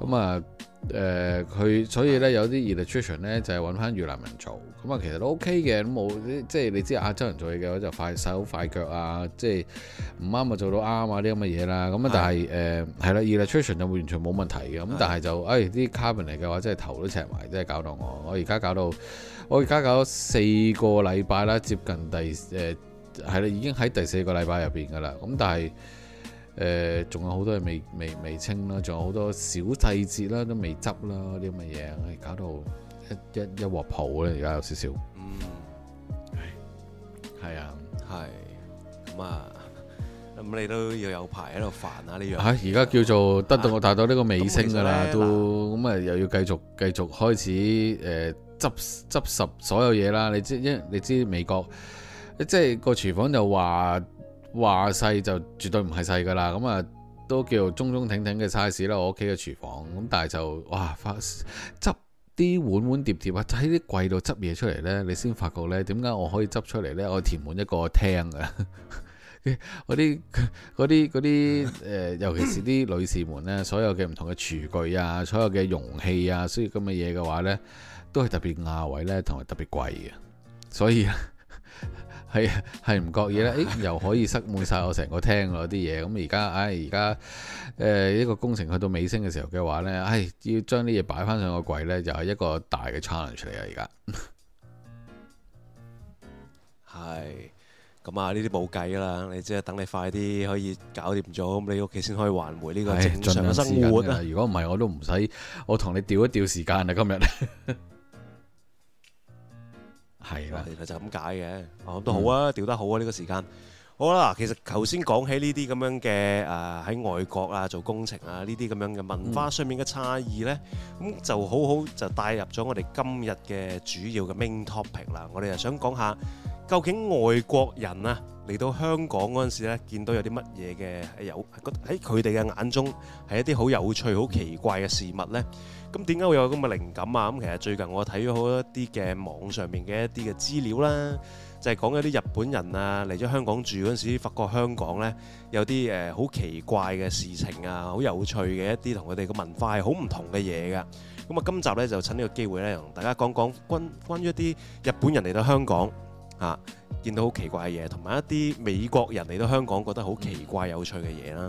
咁啊。誒佢、呃、所以咧有啲 electrician 咧就係揾翻越南人做，咁啊其實都 OK 嘅，咁冇即係你知亞洲人做嘢嘅話就快手快腳啊，即係唔啱咪做到啱啊啲咁嘅嘢啦，咁啊但係誒係啦 electrician 就完全冇問題嘅，咁的但係就誒啲、哎、carbon 嚟嘅話即係、就是、頭都赤埋，即、就、係、是、搞到我，我而家搞到我而家搞咗四個禮拜啦，接近第誒係啦，已經喺第四個禮拜入面噶啦，咁但係。誒，仲、呃、有好多嘢未未未清啦，仲有好多小細節啦，都未執啦，啲咁嘅嘢，搞到一一一鑊泡咧，而家有少少。嗯，係唉，啊，係。咁啊，咁你都要有排喺度煩啊。呢樣。嚇，而家叫做得到我達到呢個尾聲噶啦，都咁啊，又要繼續繼續開始誒執執拾所有嘢啦。你知因你知美國，即係個廚房就話。話細就絕對唔係細噶啦，咁啊都叫中中挺挺嘅 size 啦。我屋企嘅廚房，咁但係就哇，執啲碗碗碟碟啊，喺啲櫃度執嘢出嚟呢。你先發覺呢，點解我可以執出嚟呢？我填滿一個廳啊！嗰啲嗰啲嗰啲誒，尤其是啲女士們呢，所有嘅唔同嘅廚具啊，所有嘅容器啊，所以咁嘅嘢嘅話呢，都係特別亞位呢，同埋特別貴嘅，所以，啊係係唔覺意咧，誒、哎、又可以塞滿晒我成個廳嗰啲嘢，咁而家，唉而家，誒、哎、呢、呃、個工程去到尾聲嘅時候嘅話咧，唉、哎、要將啲嘢擺翻上個櫃咧，就係一個大嘅 challenge 嚟啊。而家係，咁啊呢啲冇計啦，你即係等你快啲可以搞掂咗，咁你屋企先可以還回呢個正常嘅生活。如果唔係，我都唔使我同你調一調時間啊！今日。 係啦，其實就咁解嘅，哦、啊、都好啊，調、嗯、得好啊呢、呢個時間，好啦、啊、其實頭先講起呢啲咁樣嘅，誒喺外國啊做工程啊呢啲咁樣嘅文化上面嘅差異呢，咁、嗯、就好好就帶入咗我哋今日嘅主要嘅 main topic 啦。我哋又想講下，究竟外國人啊嚟到香港嗰陣時咧，見到有啲乜嘢嘅有喺佢哋嘅眼中係一啲好有趣、好奇怪嘅事物呢？嗯咁點解會有咁嘅靈感啊？咁其實最近我睇咗好多啲嘅網上面嘅一啲嘅資料啦，就係講一啲日本人啊嚟咗香港住嗰陣時，發覺香港呢有啲誒好奇怪嘅事情啊，好有趣嘅一啲同佢哋嘅文化係好唔同嘅嘢噶。咁啊，今集呢就趁呢個機會呢，同大家講講關關於一啲日本人嚟到香港啊，見到好奇怪嘅嘢，同埋一啲美國人嚟到香港覺得好奇怪有趣嘅嘢啦。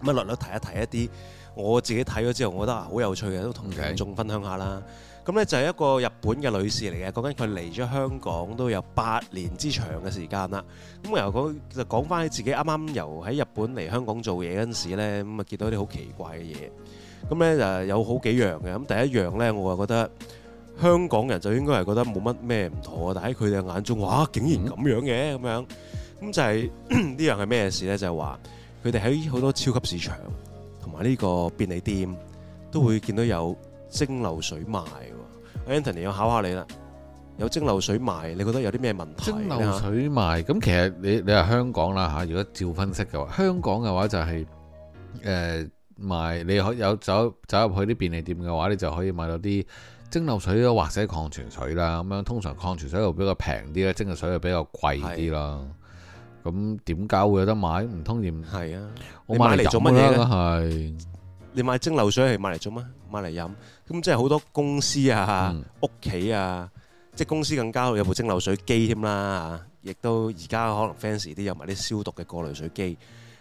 咁啊，略略提一提一啲。我自己睇咗之後，我覺得好有趣嘅，都同聽眾分享一下啦。咁呢 Okay. 就係一個日本嘅女士嚟嘅，講緊佢嚟咗香港都有八年之長嘅時間啦。咁我由講就講翻自己啱啱由喺日本嚟香港做嘢嗰陣時呢，咁啊見到啲好奇怪嘅嘢。咁呢就有好幾樣嘅。咁第一樣呢，我啊覺得香港人就應該係覺得冇乜咩唔妥，但喺佢哋眼中，哇，竟然咁樣嘅咁樣。咁就係呢樣係咩事呢？就係話佢哋喺好多超級市場。同埋呢個便利店都會見到有蒸餾水賣喎，嗯，Anthony，我考下你啦，有蒸餾水賣，你覺得有啲咩問題？蒸餾水賣，咁看其實你你話香港啦嚇，如果照分析嘅話，香港嘅話就係誒賣，你可有走走入去啲便利店嘅話，你就可以買到啲蒸餾水啦，或者礦泉水啦，咁樣通常礦泉水又比較平啲咧，蒸餾水又比較貴啲咯。咁點解會有得買？唔通連係啊？我買嚟做乜嘢咧？係你買蒸餾水係買嚟做乜？買嚟飲。咁即係好多公司啊、屋企啊，即係公司更加有部蒸餾水機添啦。嚇，亦都而家可能 fancy 啲有埋啲消毒嘅過濾水機。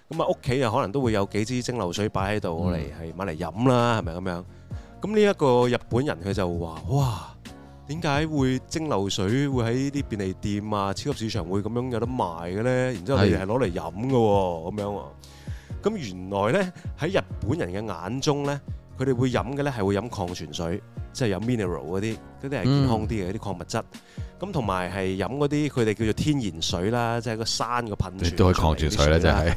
咁啊，屋企又可能都會有幾支蒸餾水擺喺度，我嚟係買嚟飲啦，係咪咁樣？咁呢一個日本人佢就話：哇！點解會蒸餾水會喺啲便利店啊、超級市場會咁樣有得賣嘅咧？然之後佢哋係攞嚟飲嘅喎，咁樣喎。咁原來咧，喺日本人嘅眼中咧，佢哋會飲嘅咧係會飲礦泉水，即係飲 mineral 嗰啲，嗰啲係健康啲嘅嗰啲礦物質。咁同埋係飲嗰啲佢哋叫做天然水啦，即係個山嘅噴泉都係礦泉水咧，真係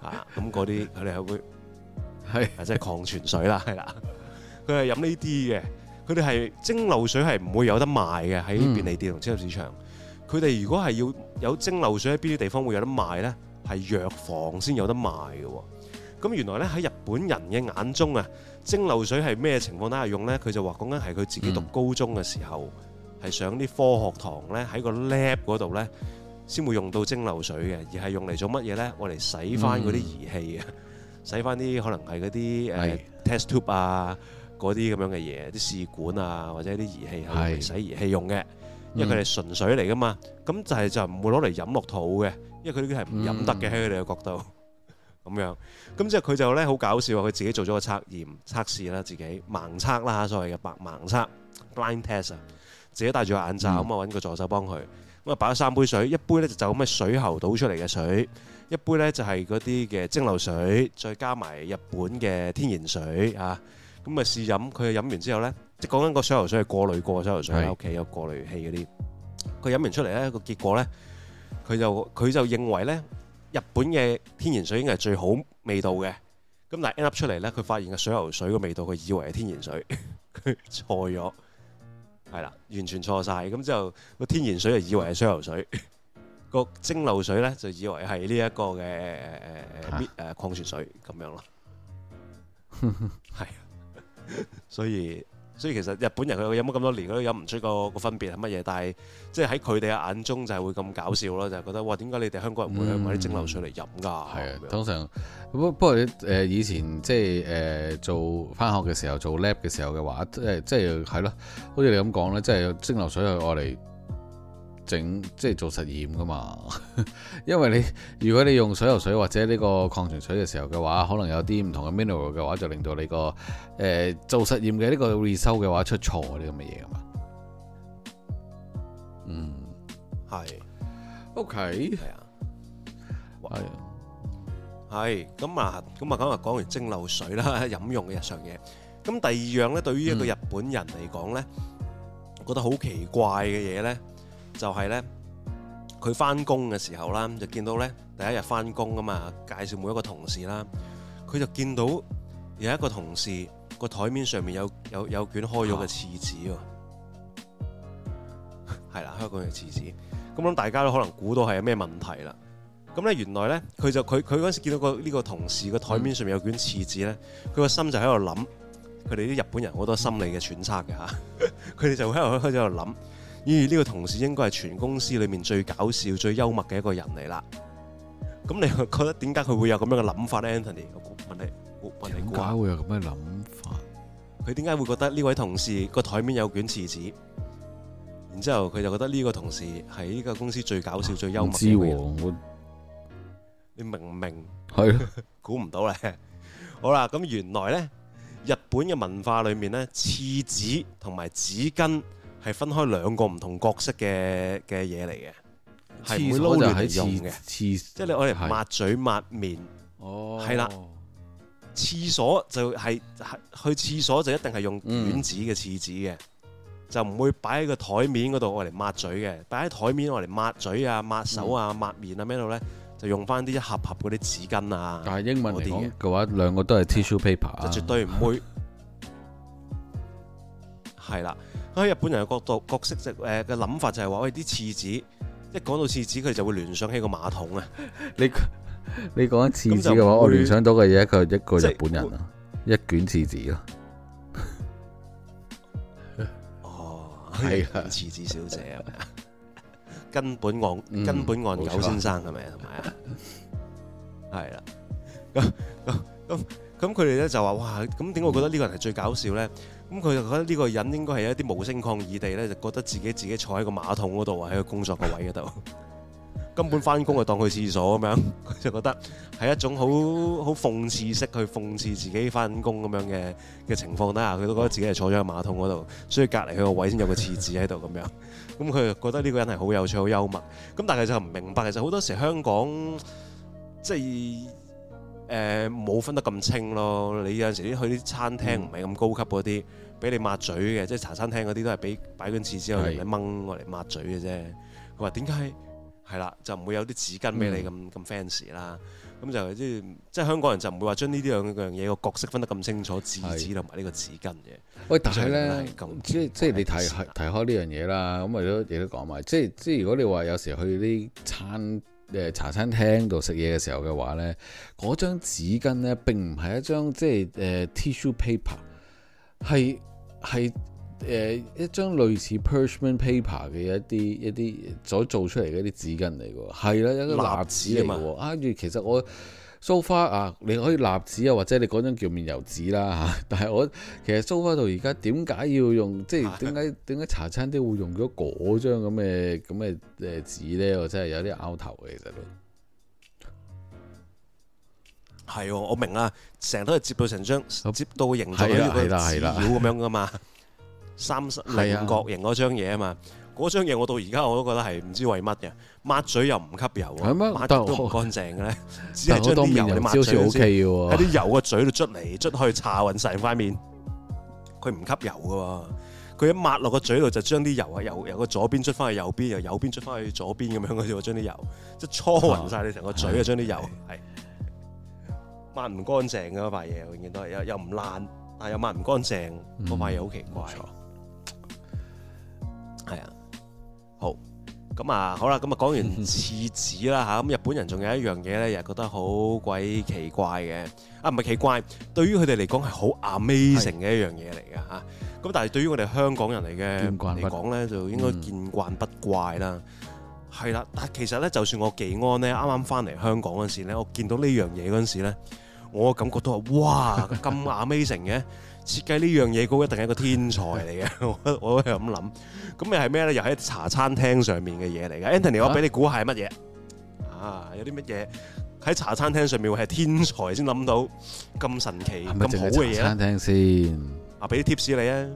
啊！咁嗰啲佢哋係會係即係礦泉水啦，係啦，佢係飲呢啲嘅。佢哋係蒸餾水係唔會有得賣嘅，喺便利店同超級市場。佢哋、嗯、如果係要有蒸餾水喺邊啲地方會有得賣呢？係藥房先有得賣嘅。咁原來呢，喺日本人嘅眼中啊，蒸餾水係咩情況底下用呢？佢就話講緊係佢自己讀高中嘅時候，係上啲科學堂呢，喺個 lab 嗰度呢，先會用到蒸餾水嘅，而係用嚟做乜嘢呢？我嚟洗翻嗰啲儀器啊，嗯、洗翻啲可能係嗰啲 test tube 啊。是呃嗰啲咁樣嘅嘢，啲試管啊，或者啲儀器係為洗儀器用嘅，因為佢哋純水嚟噶嘛。咁就係就唔會攞嚟飲落肚嘅，因為佢呢啲係唔飲得嘅，喺佢哋嘅角度咁樣。咁之後佢就咧好搞笑啊！佢自己做咗個測驗測試啦，自己盲測啦嚇，所謂嘅白盲測 blind test 啊，自己戴住個眼罩咁啊，搵個助手幫佢咁啊，擺咗三杯水，一杯咧就咁嘅水喉倒出嚟嘅水，一杯咧就係嗰啲嘅蒸餾水，再加埋日本嘅天然水啊。咁咪試飲，佢飲完之後咧，即講緊個水喉水係過濾過水喉水，喺屋企有過濾器嗰啲。佢飲完出嚟咧，個結果咧，佢就佢就認為咧，日本嘅天然水應該係最好味道嘅。咁但係 end up 出嚟咧，佢發現個水喉水個味道，佢以為係天然水，佢錯咗，係啦，完全錯晒。咁之後個天然水就以為係水喉水，個蒸餾水咧就以為係呢一個嘅誒誒誒誒誒礦泉水咁樣咯，係。 所以所以其實日本人佢飲咗咁多年，佢都飲唔出個個分別係乜嘢，但係即係喺佢哋嘅眼中就係會咁搞笑咯，就係覺得哇，點解你哋香港人會買啲蒸餾水嚟飲噶？係啊，嗯，通常不不過誒、呃，以前即係誒做翻學嘅時候，做 lab 嘅時候嘅話，呃、即係即係係咯，好似你咁講咧，即係蒸餾水係用嚟。整即係做實驗噶嘛，因為你如果你用水油水或者呢個礦泉水嘅時候嘅話，可能有啲唔同嘅 mineral 嘅話，就令到你個誒、呃、做實驗嘅呢個 research 嘅話出錯啲咁嘅嘢噶嘛。嗯，係是。OK。係啊。係啊。係，咁啊，咁啊，今講完蒸餾水啦，飲 用嘅日常嘢。咁第二樣咧，對於一個日本人嚟講咧，嗯、我覺得好奇怪嘅嘢咧。就係咧，佢翻工嘅時候啦，就見到咧，第一日翻工啊嘛，介紹每一個同事啦，佢就見到有一個同事個台面上面有有有卷開咗嘅廁紙喎，係啦、啊，香港嘅廁紙，咁咁大家都可能估到係有咩問題啦。咁咧原來咧，佢就佢佢嗰時見到個呢個同事個台面上面有卷廁紙咧，佢個、嗯、心就喺度諗，佢哋啲日本人好多心理嘅揣測嘅嚇，佢哋、嗯、 就會喺度開始喺度諗。咦？呢個同事應該係全公司裏面最搞笑、最幽默嘅一個人嚟啦。咁你覺得點解佢會有咁樣嘅諗法咧，Anthony？我問你，我問你點解會有咁嘅諗法？佢點解會覺得呢位同事個台面有卷廁紙，然之後佢就覺得呢個同事係呢個公司最搞笑、啊、最幽默嘅。啊、你明唔明？係的，估唔 到咧。好啦，咁原來咧，日本嘅文化裏面咧，廁紙同埋紙巾。係分開兩個唔同角色嘅嘅嘢嚟嘅，係唔會撈嚟用嘅。即係你攞嚟抹嘴抹面，哦，係啦、就是。廁所就係去廁所就一定係用卷紙嘅廁紙嘅，嗯、就唔會擺喺個台面嗰度攞嚟抹嘴嘅。擺喺台面攞嚟抹嘴啊、抹手啊、抹面、嗯、啊咩度咧，就用翻啲一盒盒嗰啲紙巾啊。但係英文嚟講嘅話，嗯、兩個都係 tissue paper，就、啊、絕對唔會。係啦。 喺日本人嘅角度角色就誒嘅諗法就係話，喂，啲廁紙，一講到廁紙佢就會聯想起個馬桶啊！你你講廁紙嘅話，會我聯想到嘅嘢佢一個日本人啊，一卷廁紙咯。哦，係廁紙小姐啊？根本岸根本岸狗先生係咪啊？係啦，咁咁。 咁佢哋咧就話：哇！咁點解覺得呢個人係最搞笑呢？咁佢就覺得呢個人應該係一啲無聲抗議地咧，就覺得自己自己坐喺個馬桶嗰度啊，喺個工作個位嗰度， 根本翻工就當去廁所咁樣。佢就覺得係一種好好諷刺式去諷刺自己翻工咁樣嘅嘅情況底下，佢都覺得自己係坐咗喺馬桶嗰度，所以隔離佢個位先有個廁紙喺度咁樣。咁佢就覺得呢個人係好有趣、好幽默。咁但係就唔明白，其實好多時香港即係。誒冇、呃、分得咁清咯，你有陣時啲去啲餐廳唔係咁高級嗰啲，俾、嗯、你抹嘴嘅，即係茶餐廳嗰啲都係俾擺緊廁紙之後，人掹落嚟抹嘴嘅啫。佢話點解係啦？就唔會有啲紙巾俾你咁咁 fancy 啦。咁就即係即係香港人就唔會話將呢啲樣樣嘢個角色分得咁清楚，紙紙同埋呢個紙巾嘅。喂，但係咧，即係即係你提提開呢樣嘢啦，咁我都嘢都講埋。即係即係如果你話有時去啲餐。誒茶餐廳度食嘢嘅時候嘅話咧，嗰張紙巾咧並唔係一張即係誒、呃、tissue paper，係係誒一張類似 Parchment Paper 嘅一啲一啲所做出嚟嘅一啲紙巾嚟㗎，係啦，是一個蠟紙嚟㗎喎，跟住其實我。蘇花啊，so far，你可以立紙啊，或者你嗰張叫面油紙啦嚇。但係我其實蘇花度而家點解要用，即係點解點解茶餐廳會用咗嗰張咁嘅咁嘅誒紙咧？我真係有啲拗頭嘅，其實都係我我明啦，成日都係接到成張好接到形狀好似個鳥咁樣噶嘛，三角形嗰張嘢啊嘛。嗰張嘢我到而家我都覺得係唔知為乜嘅，抹嘴又唔吸油，嗎抹極都唔乾淨嘅咧。但係我啲 油燒燒 OK 喺啲油個嘴度出嚟、出去搽勻晒成塊面。佢唔吸油嘅喎，佢一抹落個嘴度就將啲油啊由由個左邊出翻去右邊，又右邊出翻去左邊咁樣嘅啫喎，將啲油即係搓勻曬你成個嘴啊，將啲油係的的抹唔乾淨嘅嗰塊嘢，我見都係又又唔爛，但又抹唔乾淨，嗰塊嘢好奇怪。係啊、嗯。的好，咁啊，好啦，咁啊，講完廁紙啦吓，咁日本人仲有一樣嘢咧，又覺得好鬼奇怪嘅，啊，唔係奇怪，對於佢哋嚟講係好 amazing 嘅一樣嘢嚟㗎吓，咁是但係對於我哋香港人嚟嘅嚟講咧，就應該見慣不怪啦，係啦、嗯，但係其實咧，就算我技安咧，啱啱翻嚟香港嗰時咧，我見到呢樣嘢嗰時咧，我感覺都話，哇，咁 amazing 嘅。 設計呢樣嘢，佢一定係一個天才嚟嘅。我我係咁諗，咁又係咩咧？又喺茶餐廳上面嘅嘢嚟嘅。Anthony，我俾你估下係乜嘢？啊，啊，有啲乜嘢喺茶餐廳上面會係天才先諗到咁神奇、咁好嘅嘢。茶餐廳先啊，俾啲 tips 你啊！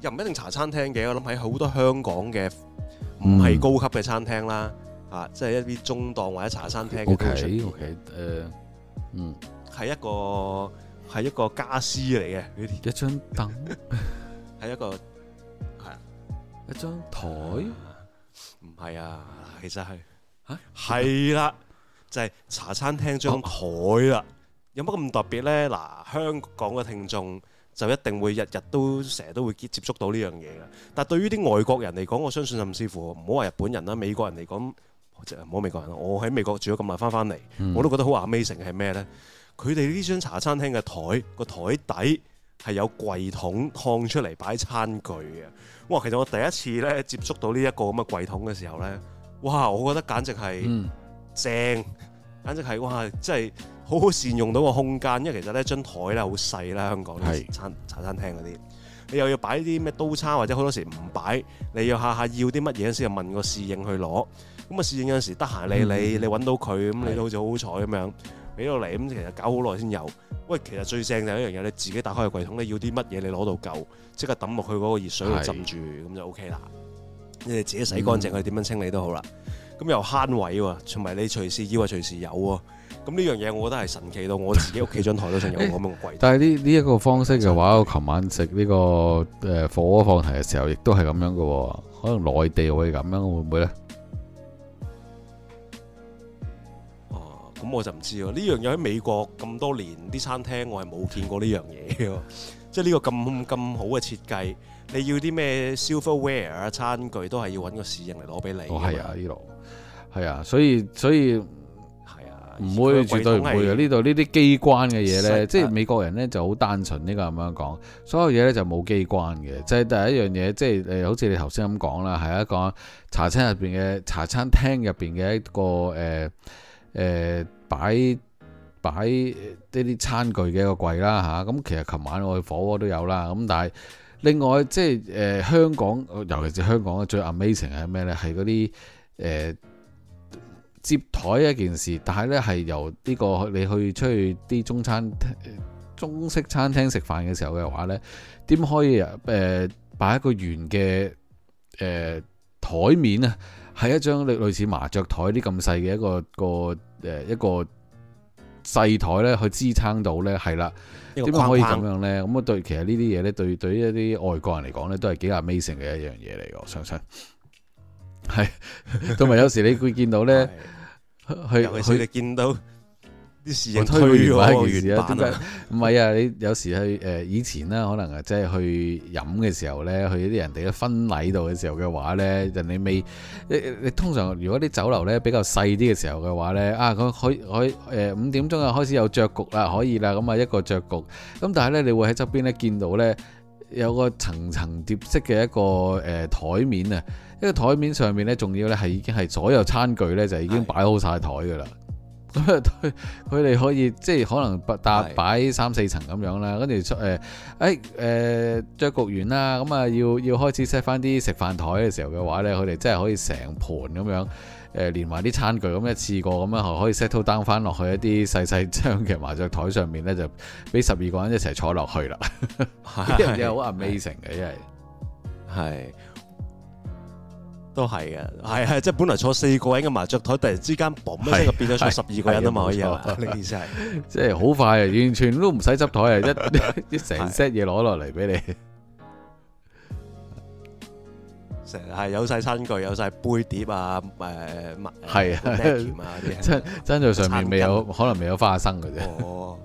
又唔一定茶餐廳嘅，我諗喺好多香港嘅唔係高級嘅餐廳啦，嗯、啊，即係一啲中檔或者茶餐廳嘅。O K O K，誒，嗯，係一個。係一個家私嚟嘅，一張凳，係 一個，係啊，一張台，唔係啊，其實係，吓、啊，係啦，就係、是、茶餐廳張台啦。啊、有乜咁特別咧？嗱，香港嘅聽眾就一定會日日都成日都會接接觸到呢樣嘢嘅。但係對於啲外國人嚟講，我相信甚至乎唔好話日本人啦，美國人嚟講，即係唔好美國人。我喺美國住咗咁耐，翻翻嚟，我都覺得好 amazing 係咩咧？佢哋呢張茶餐廳嘅台，個台底係有櫃桶燙出嚟擺餐具嘅。哇！其實我第一次咧接觸到呢一個咁嘅櫃桶嘅時候咧，哇！我覺得簡直係正，嗯、簡直係哇！真係好好善用到個空間，因為其實呢一張台咧好細啦，香港啲餐是的 茶餐廳嗰啲，你又要擺啲咩刀叉，或者好多時唔擺，你要下下要啲乜嘢先，就問個侍應去攞。咁啊，侍應有陣時得閒理你，是的 你揾到佢，咁你都好似好好彩咁樣。俾到嚟咁，其實搞好耐先有。喂，其實最正就係一樣嘢，你自己打開個櫃桶，你要啲乜嘢，你攞到夠，即刻抌落去嗰個熱水度浸住，咁是的 就 OK 啦。你哋自己洗乾淨，佢點樣清理都好啦。咁又慳位喎，同埋你隨時要啊，隨時有喎。咁呢樣嘢，我覺得係神奇到我自己屋企張台都上有咁嘅櫃。 但係呢呢一個方式嘅話，我琴晚食呢個誒火鍋放題嘅時候，亦都係咁樣嘅喎。可能內地會咁樣，會唔會咧？咁我就唔知咯，呢樣嘢喺美國咁多年啲餐廳，我係冇見過呢樣嘢嘅，即係呢個咁咁好嘅設計。你要啲咩 silverware 餐具都係要揾個侍應嚟攞俾你。哦，係啊，呢度係啊，所以所以係啊，唔會，絕對唔會啊。呢度呢啲機關嘅嘢呢，即係在美國人呢就好單純呢個咁樣講。所有嘢呢就冇機關嘅，即係第一樣嘢，即係好似你頭先咁講啦，係一個茶餐入邊嘅茶餐廳入邊嘅一個誒。呃誒、呃、擺擺呢啲餐具嘅一個櫃啦嚇，咁、啊啊、其實琴晚我去火鍋都有啦，咁、啊、但係另外即係誒、呃、香港，尤其是香港嘅最 amazing 係咩呢？係嗰啲誒接枱一件事，但係呢，係由呢、呢個你去出去啲中餐廳、中式餐廳食飯嘅時候嘅話呢，點可以誒、呃、擺一個圓嘅誒枱面啊？係一張類似麻雀台啲咁細嘅一個個誒一個細台咧，去支撐到咧係啦，點解可以咁樣咧？咁啊對，其實呢啲嘢咧，對對一啲外國人嚟講咧，都係幾 amazing 嘅一樣嘢嚟㗎，我相信。係， 同埋有時你會見到咧，去佢哋見到。啲試影推完何啊！原版啊，唔係啊，你有時去誒、呃、以前啦，可能啊，即係去飲嘅時候呢，去啲人哋嘅婚禮度嘅時候嘅話呢，人哋未，你通常如果啲酒樓呢，比較細啲嘅時候嘅話呢，啊，佢可以可以、呃、五點鐘啊開始有雀局啦，可以啦，咁啊一個雀局，咁但係呢，你會喺側邊呢見到呢，有個層層疊式嘅一個誒台、呃、面啊，呢個台面上面呢，仲要呢係已經係所有餐具呢，就已經擺好晒台㗎啦。佢佢哋可以即係可能搭擺三四層咁樣啦，跟住出誒誒誒桌局完啦，咁啊要要開始 set 翻啲食飯台嘅時候嘅話咧，佢哋真係可以成盤咁樣誒、呃、連埋啲餐具咁一次過咁樣，可以 set 好 down 翻落去一啲細細張嘅麻雀台上面咧，就俾十二個人一齊坐落去啦，呢樣嘢好 amazing 嘅，因為係。都係嘅，係啊，即係本來坐四個人嘅麻雀台，突然之間，嘣一聲就變咗坐十二個人啊嘛，可以啊，呢件事係，話即係好快， 完全都唔使執台啊，一啲成 set 嘢攞落嚟俾你，成日係有晒餐具，有晒杯碟、呃、啊，誒，物係啊，啊，真真在上面未有巾可能未有花生嘅啫。哦。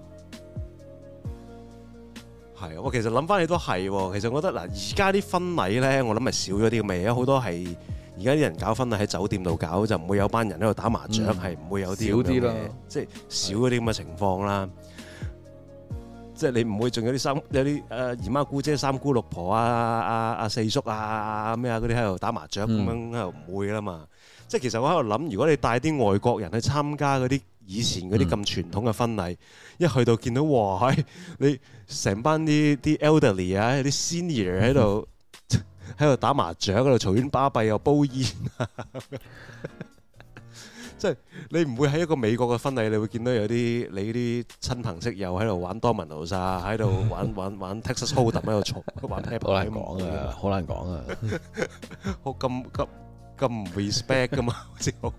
係，我其實諗翻起都係喎。其實我覺得嗱，而家啲婚禮咧，我諗係少咗啲咁嘅嘢。好多係而家啲人搞婚禮喺酒店度搞，就唔會有班人喺度打麻雀，係唔、嗯、會有啲咁嘅即係少啲咁嘅情況啦。即係的你唔會仲有啲三有啲誒、啊、姨媽姑姐三姑六婆啊啊啊四叔啊咩啊嗰啲喺度打麻雀咁、嗯、樣，又唔會啦嘛。即係其實我喺度諗，如果你帶啲外國人去參加嗰啲。以前嗰啲咁傳統嘅婚禮，一去到見到哇，你成班啲啲 elderly 啊，啲 senior 喺度喺度打麻雀，喺度嘈喧巴閉，又煲煙啊，即係你唔會喺一個美國嘅婚禮，你會見到有啲你啲親朋戚友喺度玩多文奴殺，喺度玩玩玩 Texas Holdem 喺度嘈，好難講啊，好難講啊，好咁咁咁 respect 㗎嘛，我知好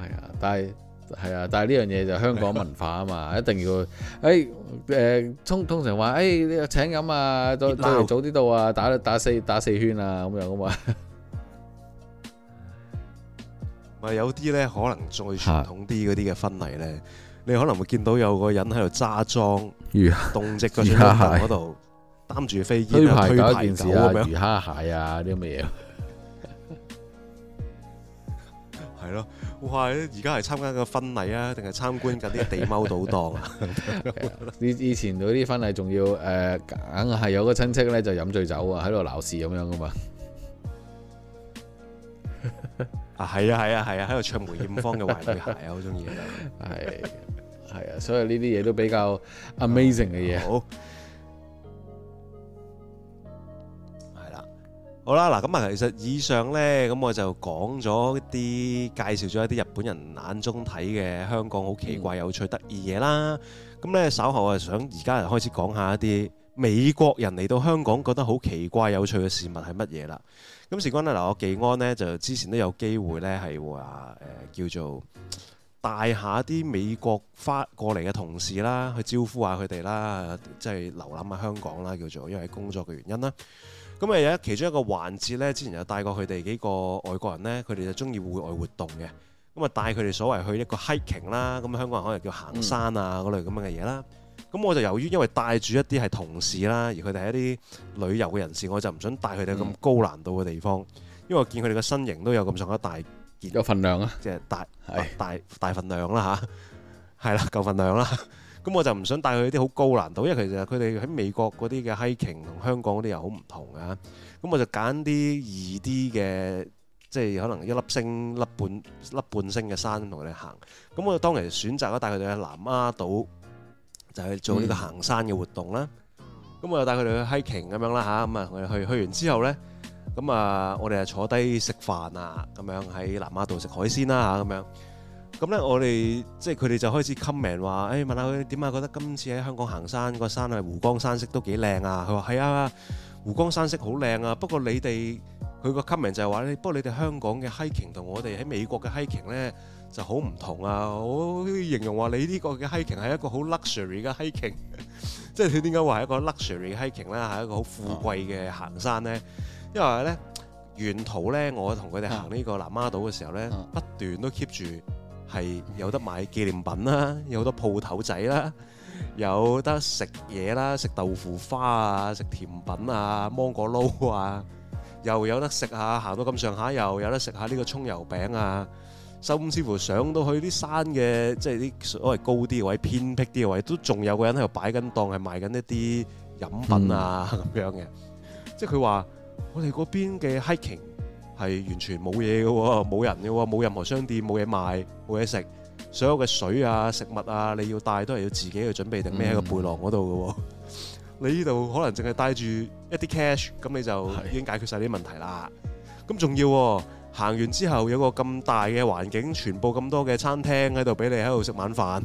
係啊，但係。係啊，但係呢樣嘢就香港文化啊嘛，一定要，誒，誒，通通常話，誒，你請飲啊，早早啲到啊，打打四打四圈啊，咁樣噶嘛。咪有啲咧，可能再傳統啲嗰啲嘅婚禮咧，你可能會見到有個人喺度揸莊魚蝦、冬節嗰啲魚蝦蟹嗰度擔住飛機啊、推牌九啊、魚蝦蟹啊啲咁嘅嘢。係咯，哇！而家係參加個婚禮、 呃、 啊，定係參觀緊啲地踎賭檔啊？以以前嗰啲婚禮仲要誒，梗係有個親戚咧就飲醉酒啊，喺度鬧事咁樣噶嘛？啊，係啊，係啊，係啊，喺度唱梅艷芳嘅壞女孩啊，好中意啊！係，係啊，所以呢啲嘢都比較 amazing 嘅嘢。嗯嗯好好啦，嗱咁啊，其實以上呢，咁我就講咗一啲介紹咗一啲日本人眼中睇嘅香港好奇怪、嗯、有趣得意嘢啦。咁呢稍後我就想而家嚟開始講下一啲美國人嚟到香港覺得好奇怪有趣嘅事物係乜嘢啦。咁事關呢，嗱，我技安呢，就之前都有機會呢，係話誒叫做帶下啲美國返過嚟嘅同事啦，去招呼下佢哋啦，即係瀏覽下香港啦，叫做因為工作嘅原因啦。咁啊，有其中一個環節呢，之前就帶過佢哋幾個外國人呢，佢哋就中意戶外活動嘅。咁啊，帶佢哋所謂去一個 hiking 啦，咁香港人可能叫行山啊嗰、嗯、類咁樣嘅嘢啦。咁我就由於因為帶住一啲係同事啦，而佢哋係一啲旅遊嘅人士，我就唔想帶佢哋去咁高難度嘅地方，嗯、因為我見佢哋嘅身形都有咁上下大件，有份量啊，即係大大大份量啦吓，係啦，夠份量啦。咁我就唔想帶佢去啲好高難度，因為其實佢哋喺美國嗰啲嘅 hiking 同香港嗰啲又好唔同嘅嚇。咁我就揀啲易啲嘅，即係可能一粒星、粒半、粒半星嘅山同佢哋行。咁我當其選擇咗帶佢哋去南丫島，就係做呢個行山嘅活動啦。咁、嗯、我又帶佢哋去 hiking 咁樣啦嚇，咁啊同佢哋去。去完之後呢，咁啊我哋啊坐低食飯啊，咁樣喺南丫島食海鮮啦嚇，咁樣。咁咧，我哋即係佢哋就開始 comment 話，誒、哎、問下佢點解覺得今次喺香港行山、個山係湖光山色都幾靚啊。佢話係啊，湖光山色好靚啊。不過你哋佢個 comment 就係話不過你哋香港嘅 hiking 同我哋喺美國嘅 hiking 咧就好唔同啊。我形容話你呢個嘅 hiking 係一個好 luxury 嘅 hiking，即 係佢點解話一個 luxury hiking 咧係一個好富貴嘅行山咧？因為咧沿途咧，我同佢哋行呢個南丫島嘅時候咧，不斷都 keep 住。係有得買紀念品啦，有好多鋪頭仔啦，有得食嘢啦，食豆腐花啊，食甜品啊，芒果撈啊，又有得食下。行到咁上下又有得食下呢個葱油餅啊，甚至乎上到去啲山嘅，即係啲所謂高啲位、偏僻啲位，都仲有個人喺度擺緊檔，係賣緊一啲飲品啊咁、嗯、樣嘅。即係佢話我哋嗰邊嘅 hiking。係完全冇嘢嘅喎，冇人嘅喎，冇任何商店，冇嘢賣，冇嘢食。所有嘅水啊、食物啊，你要帶都係要自己去準備定咩喺個背囊嗰度嘅喎。嗯、 你呢度可能淨係帶住一啲 cash，咁你就已經解決晒啲問題啦。咁仲是要、啊、行完之後有個咁大嘅環境，全部咁多嘅餐廳喺度俾你喺度食晚飯。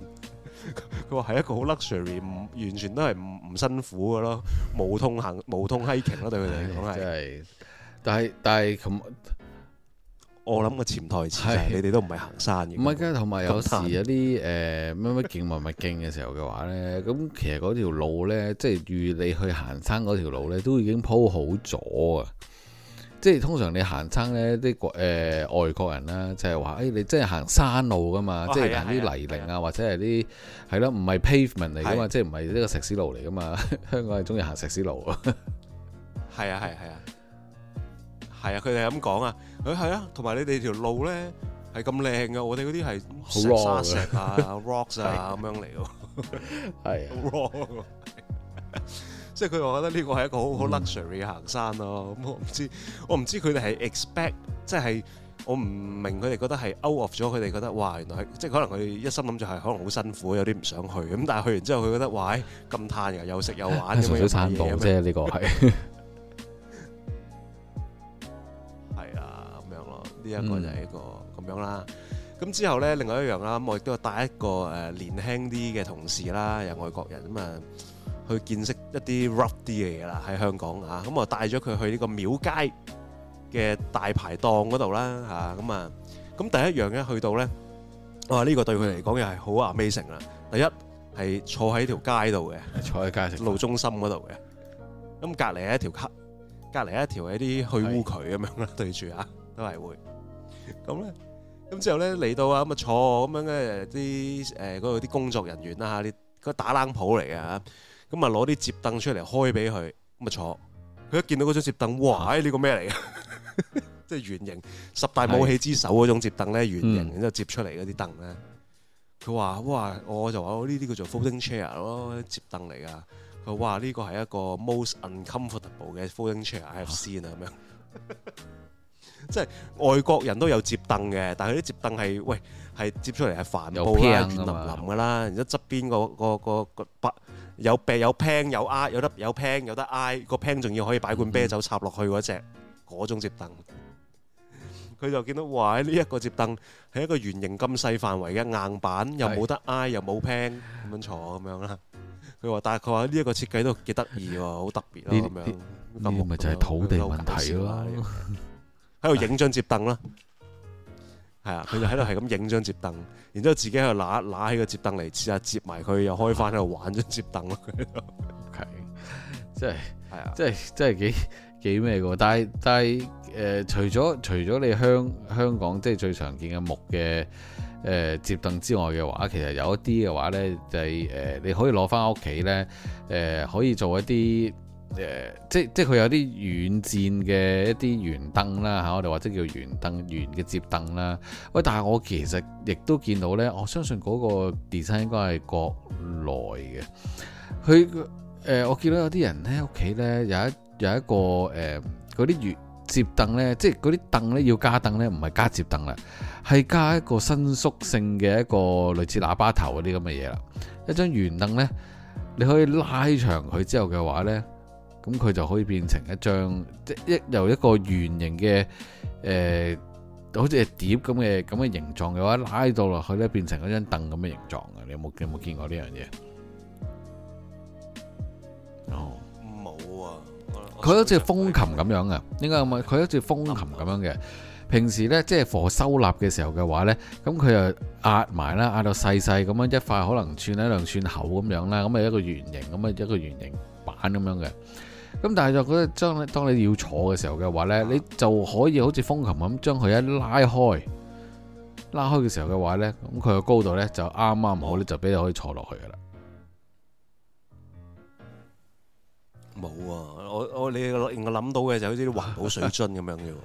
佢話係一個好 luxury，完全都係唔唔辛苦嘅咯，無痛行、無痛 hiking 咯， 對佢哋嚟講係。就是但係但係咁我諗個潛台詞，你哋都唔係行山嘅。唔係同埋有時有啲誒咩咩勁物物勁嘅時候嘅話咧，咁 其實嗰條路咧，即係預你去行山嗰條路咧，都已經鋪好咗啊！即係通常你行山咧，啲誒、呃、外國人啦，就係、是、話：，誒、哎、你真係行山路噶嘛？哦、即係行啲泥濘啊，的或者係啲係咯，唔係 pavement 嚟噶嘛？即係唔係一個石屎路嚟噶嘛？的 香港係中意行石屎路啊！ 係啊！係啊！係啊！係啊，佢哋係咁講啊，誒係啊，同埋你哋條路咧係咁靚嘅，我哋嗰啲係沙石啊、rock 啊咁樣嚟喎，係，即係佢話覺得呢個係一個好好 luxury 嘅行山咯。咁我唔知，我唔知佢哋係 expect，即係我唔明佢哋覺得係 out of 咗，佢哋覺得哇，原來即係可能佢一心諗住係可能好辛苦，有啲唔想去咁，但係去完之後佢覺得哇，咁嘆㗎，又食又玩，少山房啫，呢個係。呢一個就係一個咁樣啦，咁之後咧，另外一樣啦，咁我亦都帶一個誒年輕啲嘅同事啦，有外國人咁啊，去見識一啲 rough 啲嘅嘢啦，喺香港啊，咁我帶咗佢去呢個廟街嘅大排檔嗰度啦，嚇咁啊，咁第一樣咧去到咧，我話呢個對佢嚟講又係好 amazing 啦，第一係坐喺條街度嘅，坐喺街路中心嗰度嘅，咁隔離係一條坑，隔離係一條一啲去污渠咁樣啦，對住啊，都係會。咁咧，咁之後咧嚟到啊咁啊坐，咁樣咧啲誒嗰度啲工作人員啦嚇，你嗰打冷鋪嚟嘅咁啊攞啲摺凳出嚟開俾佢，咁啊坐，佢一見到嗰張摺凳，哇！呢個咩嚟嘅？ 即係圓形十大武器之首嗰種摺凳咧，的圓形然之後摺出嚟嗰啲凳咧，佢話、嗯、哇，我就話呢啲叫做 folding chair 咯，摺凳嚟噶。佢話呢個係一個 most uncomfortable 嘅 folding chair I have seen 啊咁樣。是嗎 即係外國人都有摺凳嘅，但係啲摺凳係喂係摺出嚟係帆布啦，軟淋淋噶啦，然之後側邊個個個，個有啤有 pan 有挨有得有 pan 有得挨個 pan 仲要可以擺罐啤酒插落去嗰隻嗰種摺凳。佢、嗯、 就見到哇呢一、這個摺凳係一個圓形咁細範圍嘅硬板，又冇得挨是又冇 pan 咁樣坐咁樣啦。佢話，但係佢話呢一個設計都幾得意喎，好特別咯咁這樣。呢個咪就係土地樣問題咯。 喺度影張折凳啦，係啊的，佢的就喺度係咁影張折凳，的然之後自己喺度揦揦起個折凳嚟，試下折埋佢，又開翻喺度玩張折凳咯。係，真係，係啊，真係真係幾幾咩嘅喎？但係但係誒，除咗除咗你香香港即係最常見嘅木嘅誒折凳之外嘅話，其實有一啲嘅話咧，就係、是、誒、呃、你可以攞翻屋企咧，誒、呃、可以做一啲。誒、呃，即即佢有啲軟墊嘅一啲圓凳啦，嚇、啊、我哋或者叫圓凳圓嘅折凳啦。喂、啊，但係我其實亦都見到呢，我相信嗰個 design 應該係國內嘅。佢誒、呃，我見到有啲人呢，屋企呢，有一有一個誒嗰啲圓折凳呢，即嗰啲凳呢要加凳呢，唔係加折凳啦，係加一個伸縮性嘅一個類似喇叭頭嗰啲咁嘅嘢啦。一張圓凳呢，你可以拉長佢之後嘅話呢。咁佢就可以變成一張即一由一個圓形嘅誒、呃，好似碟咁嘅咁嘅形狀嘅話，拉到落去咧變成一張凳咁嘅形狀嘅。你有冇有冇見過呢樣嘢？哦，冇啊！佢好似風琴咁樣啊。應該唔係，佢好似風琴咁樣嘅。平時咧，即係放收納嘅時候嘅話咧，咁佢又壓埋啦，壓到細細咁樣一塊，可能寸一兩寸厚咁樣啦，咁啊一個圓形咁啊一個圓形板咁樣嘅。咁但係就覺得將你當你要坐嘅時候嘅話咧，你就可以好似風琴咁將佢一拉開。拉開嘅時候嘅話咧，咁佢嘅高度咧就啱啱好咧就俾你可以坐落去㗎喇。冇啊，我我你令我諗到嘅就好似啲環保水樽咁樣嘅喎。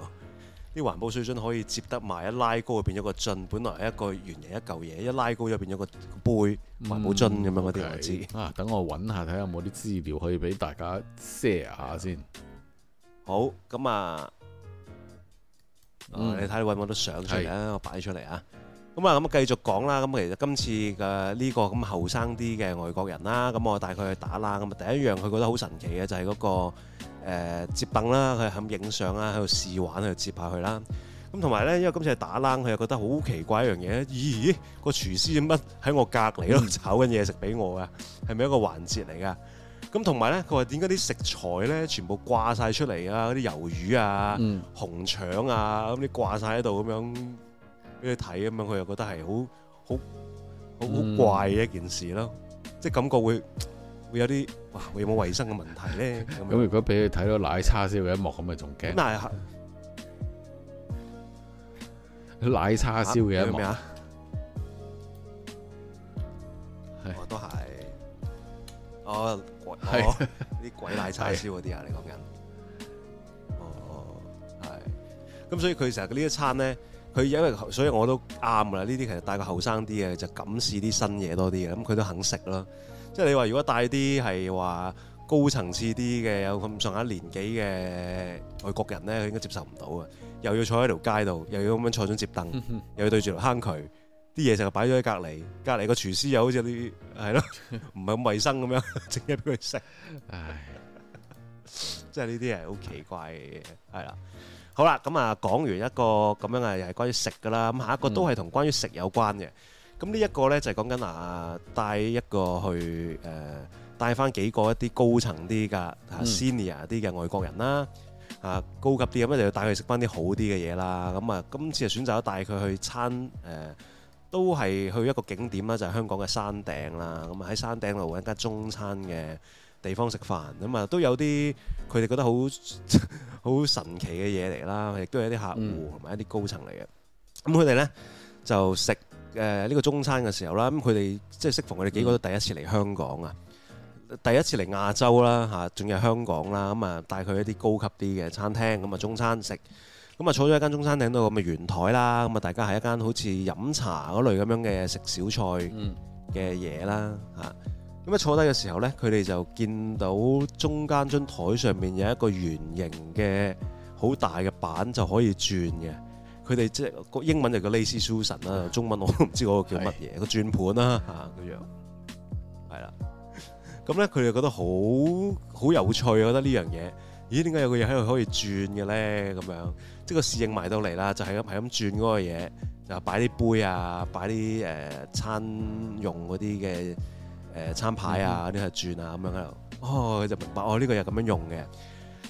啲環保水樽可以接得埋一拉高，變咗個樽。本來係一個圓形一嚿嘢，一拉高咗變咗個杯環保樽咁樣，嗰啲我知，啊，等我揾下睇下有冇啲資料可以俾大家 share 下先。好，咁啊，嗯，啊，你睇揾冇啲相出嚟的啊，我擺出嚟啊。咁啊，咁啊，繼續講啦。咁其實今次嘅呢個咁後生啲嘅外國人啦，咁我帶佢去打冷。咁啊，第一樣佢覺得好神奇嘅就係、是、嗰、那個、呃、接凳啦，佢喺度影相啊，喺度試玩喺度接下佢啦。咁同埋咧，因為今次係打冷，佢又覺得好奇怪的一樣嘢。咦？個廚師做乜喺我隔離度炒緊嘢食俾我啊？係咪 一個環節嚟㗎？咁同埋咧，佢話點解啲食材咧全部掛晒出嚟啊？嗰啲魷魚啊、嗯、紅腸啊，咁啲掛晒喺度咁樣。俾佢睇咁樣，佢又覺得係好好好好怪嘅一件事咯，嗯、即係感覺會會有啲哇會有冇衞生嘅問題咧？咁、嗯、咁樣如果俾佢睇到奶叉燒嘅一幕，咁咪仲驚？咁係奶叉燒嘅一幕啊！我都係哦哦，啲鬼奶叉燒嗰啲啊，你講緊哦哦，係咁，所以佢成日呢一餐咧。佢因為，所以我都啱㗎啦。呢啲其實帶個後生啲嘅就敢試啲新嘢多啲嘅，咁佢都肯食咯。即係你話如果帶啲係話高層次啲嘅，有咁上下年紀嘅外國人咧，佢應該接受唔到啊。又要坐喺條街度，又要咁樣坐張摺凳， 又要對住條坑渠，啲嘢成日擺咗喺隔籬，隔籬個廚師又好似有啲係咯，唔係咁衞生咁樣整嘢俾佢食。唉，即係呢啲係好奇怪嘅嘢，係啦。好啦，咁啊講完一個咁樣嘅，又係關於食噶啦。咁下一個都係同關於食有關嘅。咁呢一個呢，就係講緊啊帶一個去誒、呃、帶翻幾個一啲高層啲噶 senior 啲嘅外國人啦，嗯、啊高級啲咁啊，又要帶佢食翻啲好啲嘅嘢啦。咁、嗯、啊，今次就選擇咗帶佢去餐誒、呃，都係去一個景點啦，就係、是、香港嘅山頂啦。咁啊喺山頂度揾間中餐嘅地方食飯咁啊，都有啲佢哋覺得好好神奇嘅嘢嚟啦，亦都係一啲客戶同埋一啲高層嚟嘅。咁佢哋呢，就食誒呢個中餐嘅時候啦，咁佢哋即係適逢佢哋幾個都第一次嚟香港啊，嗯、第一次嚟亞洲啦嚇，仲有香港啦，咁啊帶佢一啲高級啲嘅餐廳，咁啊中餐食，咁啊坐咗一間中餐廳度咁嘅圓枱啦，咁啊大家喺一間好似飲茶嗰類咁樣嘅食小菜嘅嘢啦嚇。嗯啊咁一坐低嘅時候咧，佢哋就見到中間張台上面有一個圓形嘅好大嘅板就可以轉嘅。佢哋即係個英文就叫 Lazy Susan 啦，中文我都唔知嗰個叫乜嘢個轉盤啦、啊、嚇，咁樣係啦。咁咧，佢哋覺得好好有趣，覺得呢樣嘢，咦？點解有個嘢喺度可以轉嘅咧？咁樣即係個侍應埋到嚟啦，就係咁係咁轉嗰個嘢，就擺啲杯啊，擺啲誒餐用嗰啲嘅。誒餐牌啊，啲係轉啊咁樣喺度，哦佢就明白，哦呢、呢個又咁樣用嘅。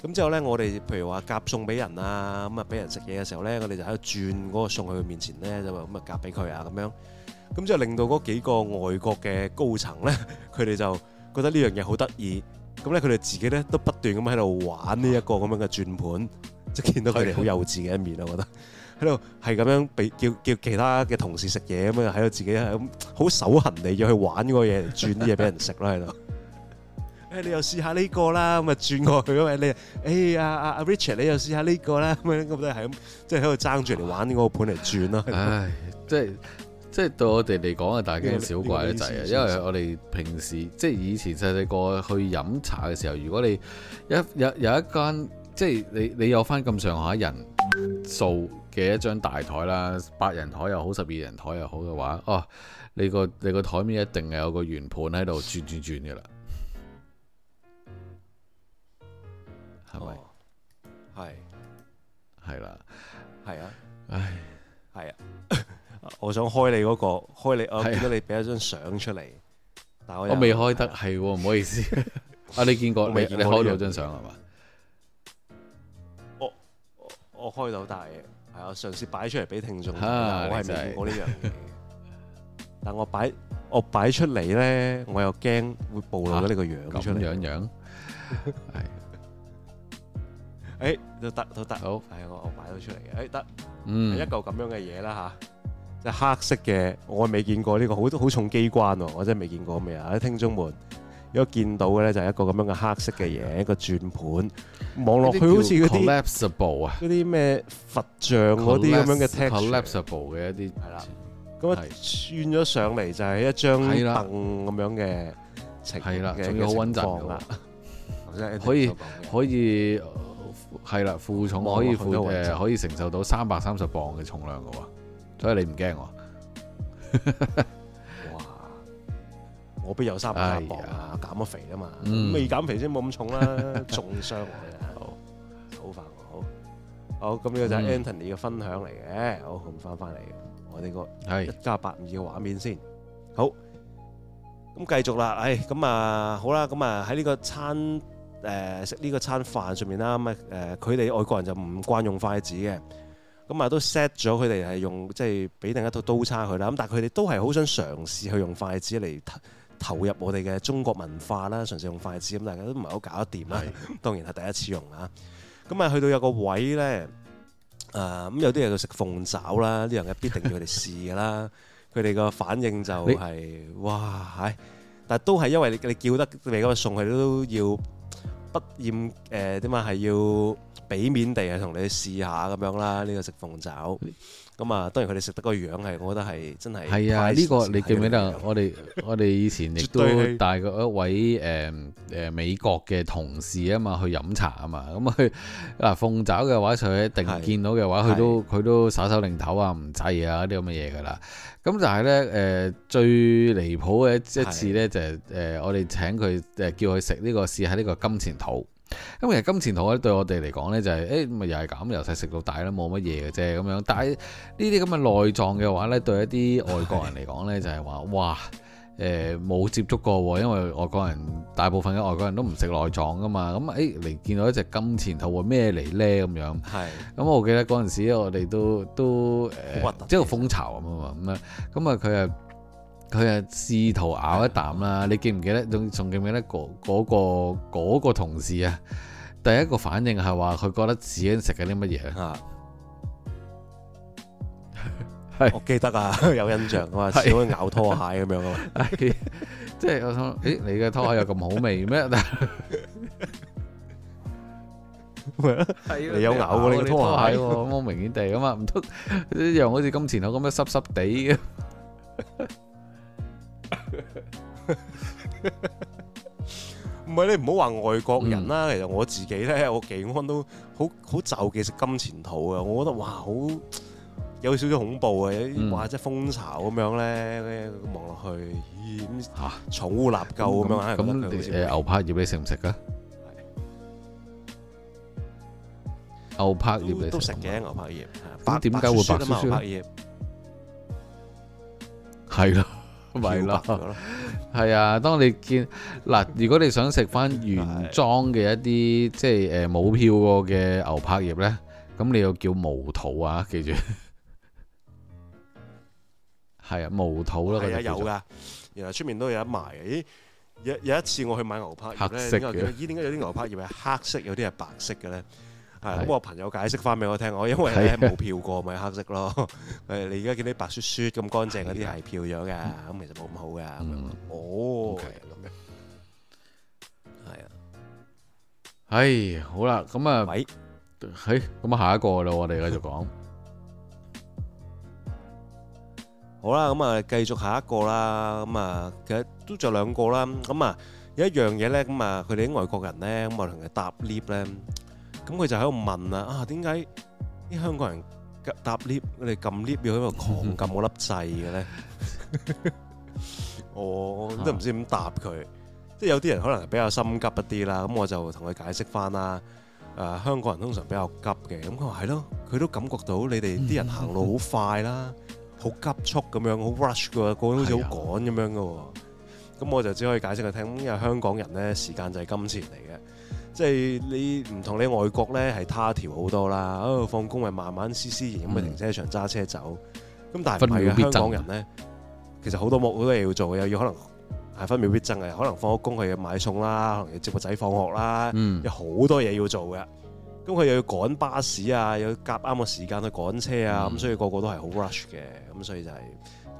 咁之後咧，我哋譬如話夾餸俾人啊，咁啊俾人食嘢嘅時候咧，我哋就喺度轉嗰個餸去佢面前咧，就話咁啊夾俾佢啊咁樣。咁之後令到嗰幾個外國嘅高層咧，佢哋就覺得呢樣嘢好得意。咁咧，佢哋自己咧都不斷咁喺度玩呢一個咁樣嘅轉盤，即係、啊、見到佢哋好幼稚嘅一面啊，對我覺得。喺度係咁樣，俾叫叫其他嘅同事食嘢咁啊！喺度自己係咁好手痕地，要去玩嗰個嘢，嚟轉啲嘢俾人食啦。喺度，誒，你又試下呢個啦，咁啊轉過去啊，你誒，阿阿阿 Richard，你又試下呢個啦，咁啊，咁都係咁，即係喺度爭住嚟玩嗰個盤嚟轉咯。唉，即係即係對我哋嚟講啊，大驚小怪嘅就係，因為，因為我哋平時即係以前細細個去飲茶嘅時候，如果你一有有一間即係你你有翻咁上下人數。嘅一張大台啦，八人台又好，十二人台又好嘅話，哦，你個你個台面一定係有個圓盤喺度轉轉轉嘅啦，係咪？係係啦，係啊，唉，係啊，我想開你嗰個，開你，我記得你俾一張相出嚟，但我未開得，係唔好意思。啊，你見過未？你開到張相係嘛？我我開到大嘅。我嘗試擺出嚟俾聽眾，哈我係未見過呢樣嘢。只 但我擺，我擺出嚟咧，我又驚會暴露咗呢個樣出來、啊、樣的樣。係、 哎，都得，得，好，係、哎、我我擺咗出嚟嘅，誒、哎，得，嗯，一嚿咁樣嘅嘢啦嚇，就黑色嘅，我未見過呢、呢個，好多好重機關喎，我真係未見過咩啊，啲聽眾們。如果見到嘅咧，就係一個咁樣嘅黑色嘅嘢，對一個轉盤，望落對去好似 collapsible 嗰啲嗰啲咩佛像嗰啲咁樣嘅 table collapsible 嘅一啲，係啦了，咁啊對轉咗上嚟就係一張凳咁了樣嘅，係啦，仲要好穩陣可以可以係啦，負重不可以負誒可以承受到三百三十磅嘅重量嘅喎，所以你唔驚喎。 我必有三不搭薄啊！哎、呀減咗肥啊嘛，未易、嗯、減肥先冇咁重啦、啊， 重傷好，好快好，好咁呢個就 Anthony 嘅分享嚟嘅。好咁翻返嚟，我呢個係一家八五二嘅畫面先，好，咁繼續啦，唉、哎，咁啊好啦，咁啊喺呢個餐誒食呢個餐飯上面啦，咁啊誒佢哋外國人就唔慣用筷子嘅，咁啊都 set 咗佢哋係用即係俾另一套刀叉佢啦，咁但係佢哋都係好想嘗試去用筷子嚟。投入我哋嘅中國文化啦，嘗試用筷子咁，大家都唔係好搞得掂啦。當然係第一次用啊。咁啊，去到有個位咧，啊咁有啲嘢要食鳳爪啦，呢樣嘢必定要佢哋試㗎啦。佢哋個反應就係哇唉，但係都係因為你叫得你咁嘅餸，佢都要不厭誒點解係要俾面地啊同你去試下咁樣啦。呢個食鳳爪。咁啊，當然佢哋食得個樣係，我覺得係真係。係啊，呢、 呢個你記唔記得？ 我哋我哋以前亦都帶過一位誒誒美國嘅同事啊嘛，去飲茶啊嘛，咁佢嗱鳳爪嘅話，佢一定見到嘅話，佢的都佢都耍手擰頭啊，唔制啊啲咁嘅嘢㗎喇。咁但係呢，誒、呃，最離譜嘅一次呢，的就係、是、誒、呃，我哋請佢誒叫佢食呢個試下呢個金錢肚。咁其實金錢肚咧，對我哋嚟講咧就係，誒咪又係咁，由細食到大啦，冇乜嘢嘅啫咁樣。但係呢啲咁嘅內臟嘅話咧，對一啲外國人嚟講咧就係話，哇，誒冇接觸過喎，因為外國人大部分嘅外國人都唔食內臟噶嘛。咁誒嚟見到一隻金錢肚會咩嚟咧咁樣？係。咁我記得嗰陣時我哋都都誒，即係個風潮咁啊咁啊，咁啊佢啊。佢啊，試圖咬一啖啦。係的你記唔記得？仲仲記唔記得嗰、嗰、嗰、個嗰個嗰個同事啊？第一個反應係話，佢覺得自己食緊啲乜嘢啊？係 的我記得啊，有印象啊嘛，試開的咬拖鞋咁樣啊嘛，即係我想誒，你嘅拖鞋又咁好味咩？ 係的你有咬過你拖鞋喎，咁、啊 啊、我明顯地啊嘛，唔通一樣好似金錢鈕咁樣濕濕地嘅。 唔係， 你唔好話外國人啦。嗯、其實我自己咧，我幾安都好好就嘅食金錢肚啊！我覺得哇，好有少少恐怖嘅，哇，或者、嗯、蜂巢咁樣咧，望落去，吓、啊，藏污納垢咁樣。咁、啊，誒，牛柏葉你食唔食噶？但雪雪牛柏葉都食嘅，牛柏葉。咁點解會白咁？係啦。係咯，係啊！當你見嗱，如果你想食翻原裝嘅一啲的即係誒冇漂過嘅牛柏葉咧，咁你又叫毛肚啊！記住，係 啊，毛肚啦、啊。係、啊、有㗎，原來出面都有得賣嘅。咦，有有一次我去買牛柏葉咧，咦？點解有啲牛柏葉係黑色，有啲係白色嘅咧？係咁，我朋友解釋翻俾我聽，我因為咧冇漂過咪黑色咯。誒，你而家見啲白雪雪咁乾淨嗰啲係漂咗嘅，咁其實冇咁好噶。哦，咁樣，係啊。唉，好啦，咁啊，係咁啊，下一個啦，我哋繼續講。好啦，咁啊，繼續下一個啦。咁啊，其實都仲有兩個啦。咁啊，有一樣嘢咧，咁啊，佢哋啲外國人咧，咁啊同佢搭 lift 咧。咁佢就喺度問啦，啊，點解啲香港人搭 lift，我哋撳 lift 要喺度狂撳嗰粒掣嘅咧？我都唔知點答佢，即係有啲人可能比較心急一啲啦。咁我就同佢解釋翻啦。誒，香港人通常比較急嘅。咁佢話係咯，佢都感覺到你哋啲人行路好快啦，好急速咁樣，好 rush 嘅喎，個人好似好趕咁樣嘅喎。咁我就只可以解釋佢聽，因為香港人咧時間就係金錢嚟嘅。即係你唔同你外國咧係他條好多啦，喺度放工咪慢慢斯斯然咁去停車場揸車走。咁、嗯、但係唔係啊？香港人咧，其實好多冇好多嘢要做，又要可能係分秒必爭啊！可能放咗工佢要買餸啦，可能要接個仔放學啦，嗯、有好多嘢要做嘅。咁佢又要趕巴士啊，又要夾啱個時間去趕車啊，咁、嗯、所以個個都係好 rush 嘅。咁所以就係、是、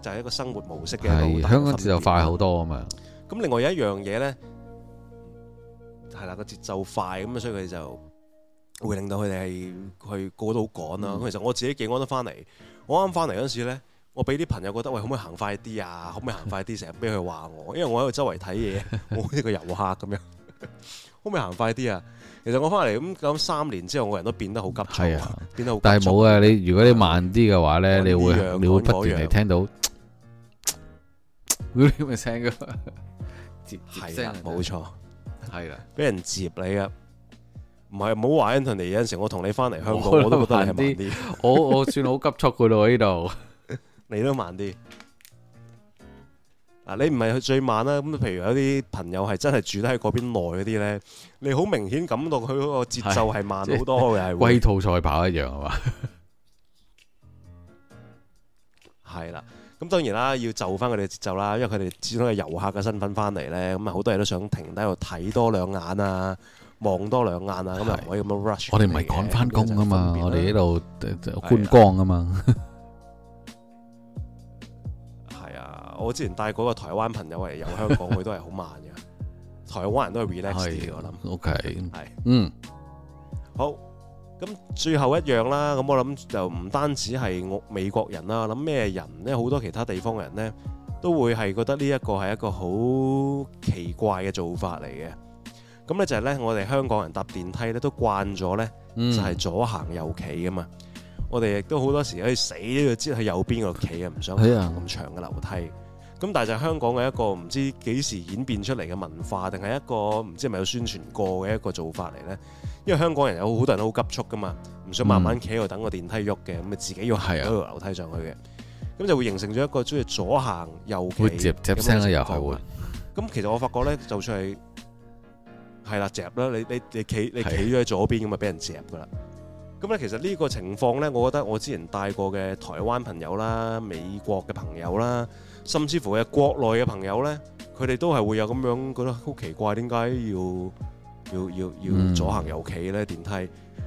就係、是、一個生活模式嘅。係香港人就快好多啊嘛。咁另外有一樣嘢咧。係啦，個節奏快，咁所以佢哋就會令到佢哋係去過到好趕啦。咁其實我自己幾安都翻嚟，我啱翻嚟嗰陣時咧，我俾啲朋友覺得喂，可唔可以行快啲啊？可唔可以行快啲？成日俾佢話我，因為我喺度周圍睇嘢，冇呢個遊客咁樣。可唔可以行快啲啊？其實我翻嚟咁咁三年之後，我人都變得好急躁，啊、變得好。但係冇啊，你如果你慢啲嘅話咧、啊，你會你會不斷嚟聽到嗰啲咩聲噶，係啦，冇錯。係啦，俾人接你噶，唔係唔好話 Anthony，有陣時我同你翻嚟香港，我都覺得係慢啲。我我算好急促噶咯喺度，你都慢啲。嗱，你唔係去最慢啦。咁譬如有啲朋友係真係住得喺嗰邊耐嗰啲咧，你好明顯感到佢嗰個節奏係慢好多嘅。龜兔賽跑一樣啊嘛，係啦。 咁當然啦，要就翻佢哋節奏啦，因為佢哋始終係遊客嘅身份翻嚟咧，咁啊好多嘢都想停低喺度睇多兩眼啊，望多兩眼啊，咁啊的可以咁樣 rush。我哋唔係趕翻工啊嘛，我哋呢度觀光啊嘛。係啊的， 我之前帶嗰個台灣朋友嚟遊香港，佢 都係好慢嘅。台灣人都係 relax 啲，的我諗想。OK，係，的嗯，好。咁最後一樣啦，咁我諗就唔單止係我美國人啦，我諗咩人咧，好多其他地方嘅人咧，都會係覺得呢一個係一個好奇怪嘅做法嚟嘅。咁咧就係咧，我哋香港人搭電梯咧都慣咗咧，就係左行右企㗎嘛。嗯、我哋亦都好多時可以死都要擠喺右邊嗰度企啊，唔想行咁長嘅樓梯。咁，但係就香港嘅一個唔知幾時演變出嚟嘅文化，定係一個唔知係咪有宣傳過嘅一個做法嚟呢？因為香港人有好多人都好急促噶嘛，唔想慢慢企喺度等個電梯喐嘅，咁咪、嗯、自己要行喺條樓梯上去嘅。咁、啊、就會形成咗一個中意左行右企，會夾夾聲嘅入去。咁其實我發覺呢，就算係係啦，夾啦，你你你企你企咗喺左邊，咁咪俾人夾噶啦。咁咧其實呢個情況呢，我覺得我之前帶過嘅台灣朋友啦、美國嘅朋友啦。甚至乎係國內嘅朋友咧，佢哋都係會有咁樣覺得好奇怪，點解要要要要左行右企咧電梯？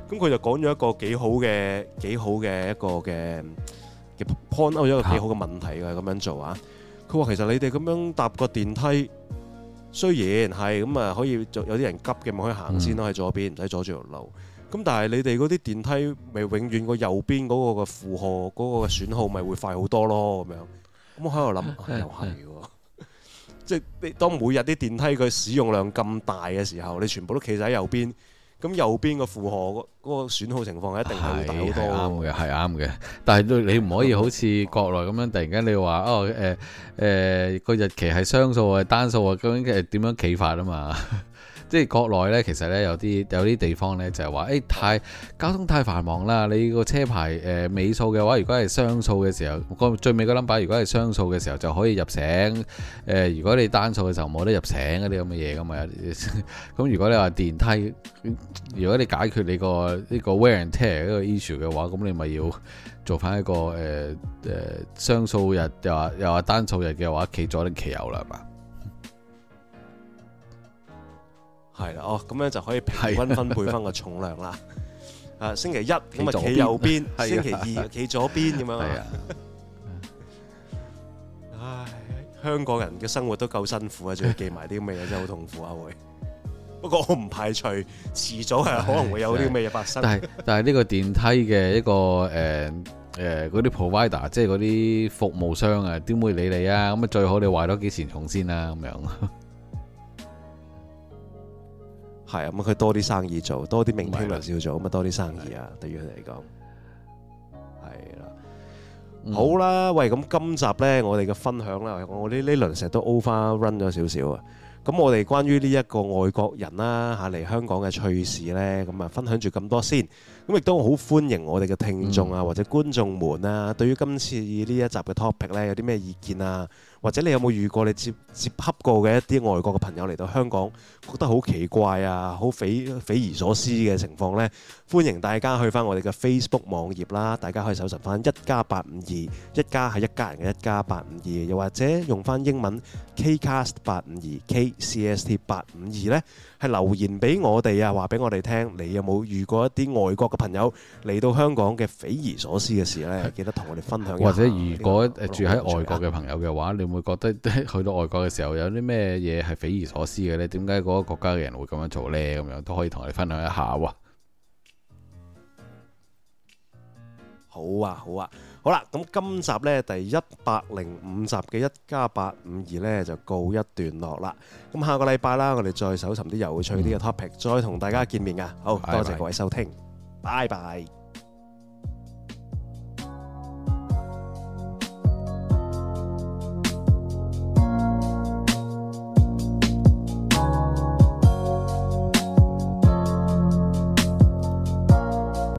咁佢就講咗一個幾好嘅幾好嘅一個嘅嘅 point out 咗一個幾好嘅問題㗎，咁樣做啊！佢話其實你哋咁樣搭個電梯，雖然係咁啊，可以有啲人急嘅咪可以行先咯，喺左邊唔使阻住條路。咁但係你哋嗰啲電梯咪永遠個右邊嗰個嘅負荷嗰個嘅損耗咪會快好多咯，咁樣。咁我喺度諗，又係喎，即係你當每日啲電梯佢使用量咁大嘅時候，你全部都企晒喺右邊，咁右邊個負荷嗰個損耗情況一定會大好多嘅。啱嘅，係啱嘅，但係你唔可以好似國內咁樣，突然間你話哦，誒誒個日期係雙數啊，或單數啊，究竟係點樣企法啊嘛？即係國內咧，其實咧有啲有啲地方咧就係話，誒、哎、太交通太繁忙啦。你個車牌誒尾數嘅話，如果係雙數嘅時候，最個最尾個 number 如果係雙數嘅時候就可以入城。誒、呃、如果你單數嘅時候冇得入城嗰啲咁嘅嘢噶嘛。咁 如果你話電梯，如果你解決你、這個呢個 wear and tear 呢個 issue 嘅話，咁你咪要做翻一個誒誒雙數日，又話又話單數日嘅話，企左定企右啦嘛。係啦、啊，哦，咁樣就可以平均分配翻個重量啦。是啊，星期一咁是啊企右邊，星期二企左邊咁樣。係是啊。 唉，香港人嘅生活都夠辛苦啊，仲要記埋啲咁嘅嘢真係好痛苦啊！會。不過我唔排除遲早係可能會有啲咩嘢發生。是啊、 但係但係呢個電梯嘅一個誒誒、呃、嗰啲、呃、provider，即係嗰啲服務商啊，點會理你啊？咁是啊最好你壞咗幾錢重先啦、啊，咁樣。係啊，咁佢多啲生意做，多啲明天糧少做，咁啊多啲生意啊，的對於佢嚟講，係啦，嗯、好啦，喂，咁今集呢，我哋嘅分享咧，我呢呢輪成日都 over run 咗少少啊。咁我哋關於呢一個外國人啦嚇嚟香港嘅趣事呢，咁啊分享住咁多先。咁亦都好歡迎我哋嘅聽眾啊，嗯、或者觀眾們啊，對於今次呢一集嘅 topic 呢，有啲咩意見啊？或者你有冇遇過你接接洽過嘅一啲外國嘅朋友嚟到香港？覺得好奇怪啊，好匪匪夷所思嘅情況呢，歡迎大家去翻我哋嘅 Facebook 網頁啦，大家可以搜尋翻一家八五二，一家係一家人嘅一家八五二，又或者用翻英文 KCast 八五二，K C S T 八五二呢，係留言俾我哋啊，話俾我哋聽，你有冇遇過一啲外國嘅朋友嚟到香港嘅匪夷所思嘅事呢？記得同我哋分享。或者如果住喺外國嘅朋友嘅話，你會覺得去到外國嘅時候有啲咩嘢係匪夷所思嘅呢？點解個？多個國家嘅人會咁樣做呢，咁樣都可以同你分享一下喎。好啊，好啊，好啦，咁今集呢，第一百零五集嘅一家八五二呢，就告一段落啦。咁下個禮拜啦，我哋再搜尋啲有趣啲嘅 topic，再同大家見面啊。好，多謝各位收聽，拜拜。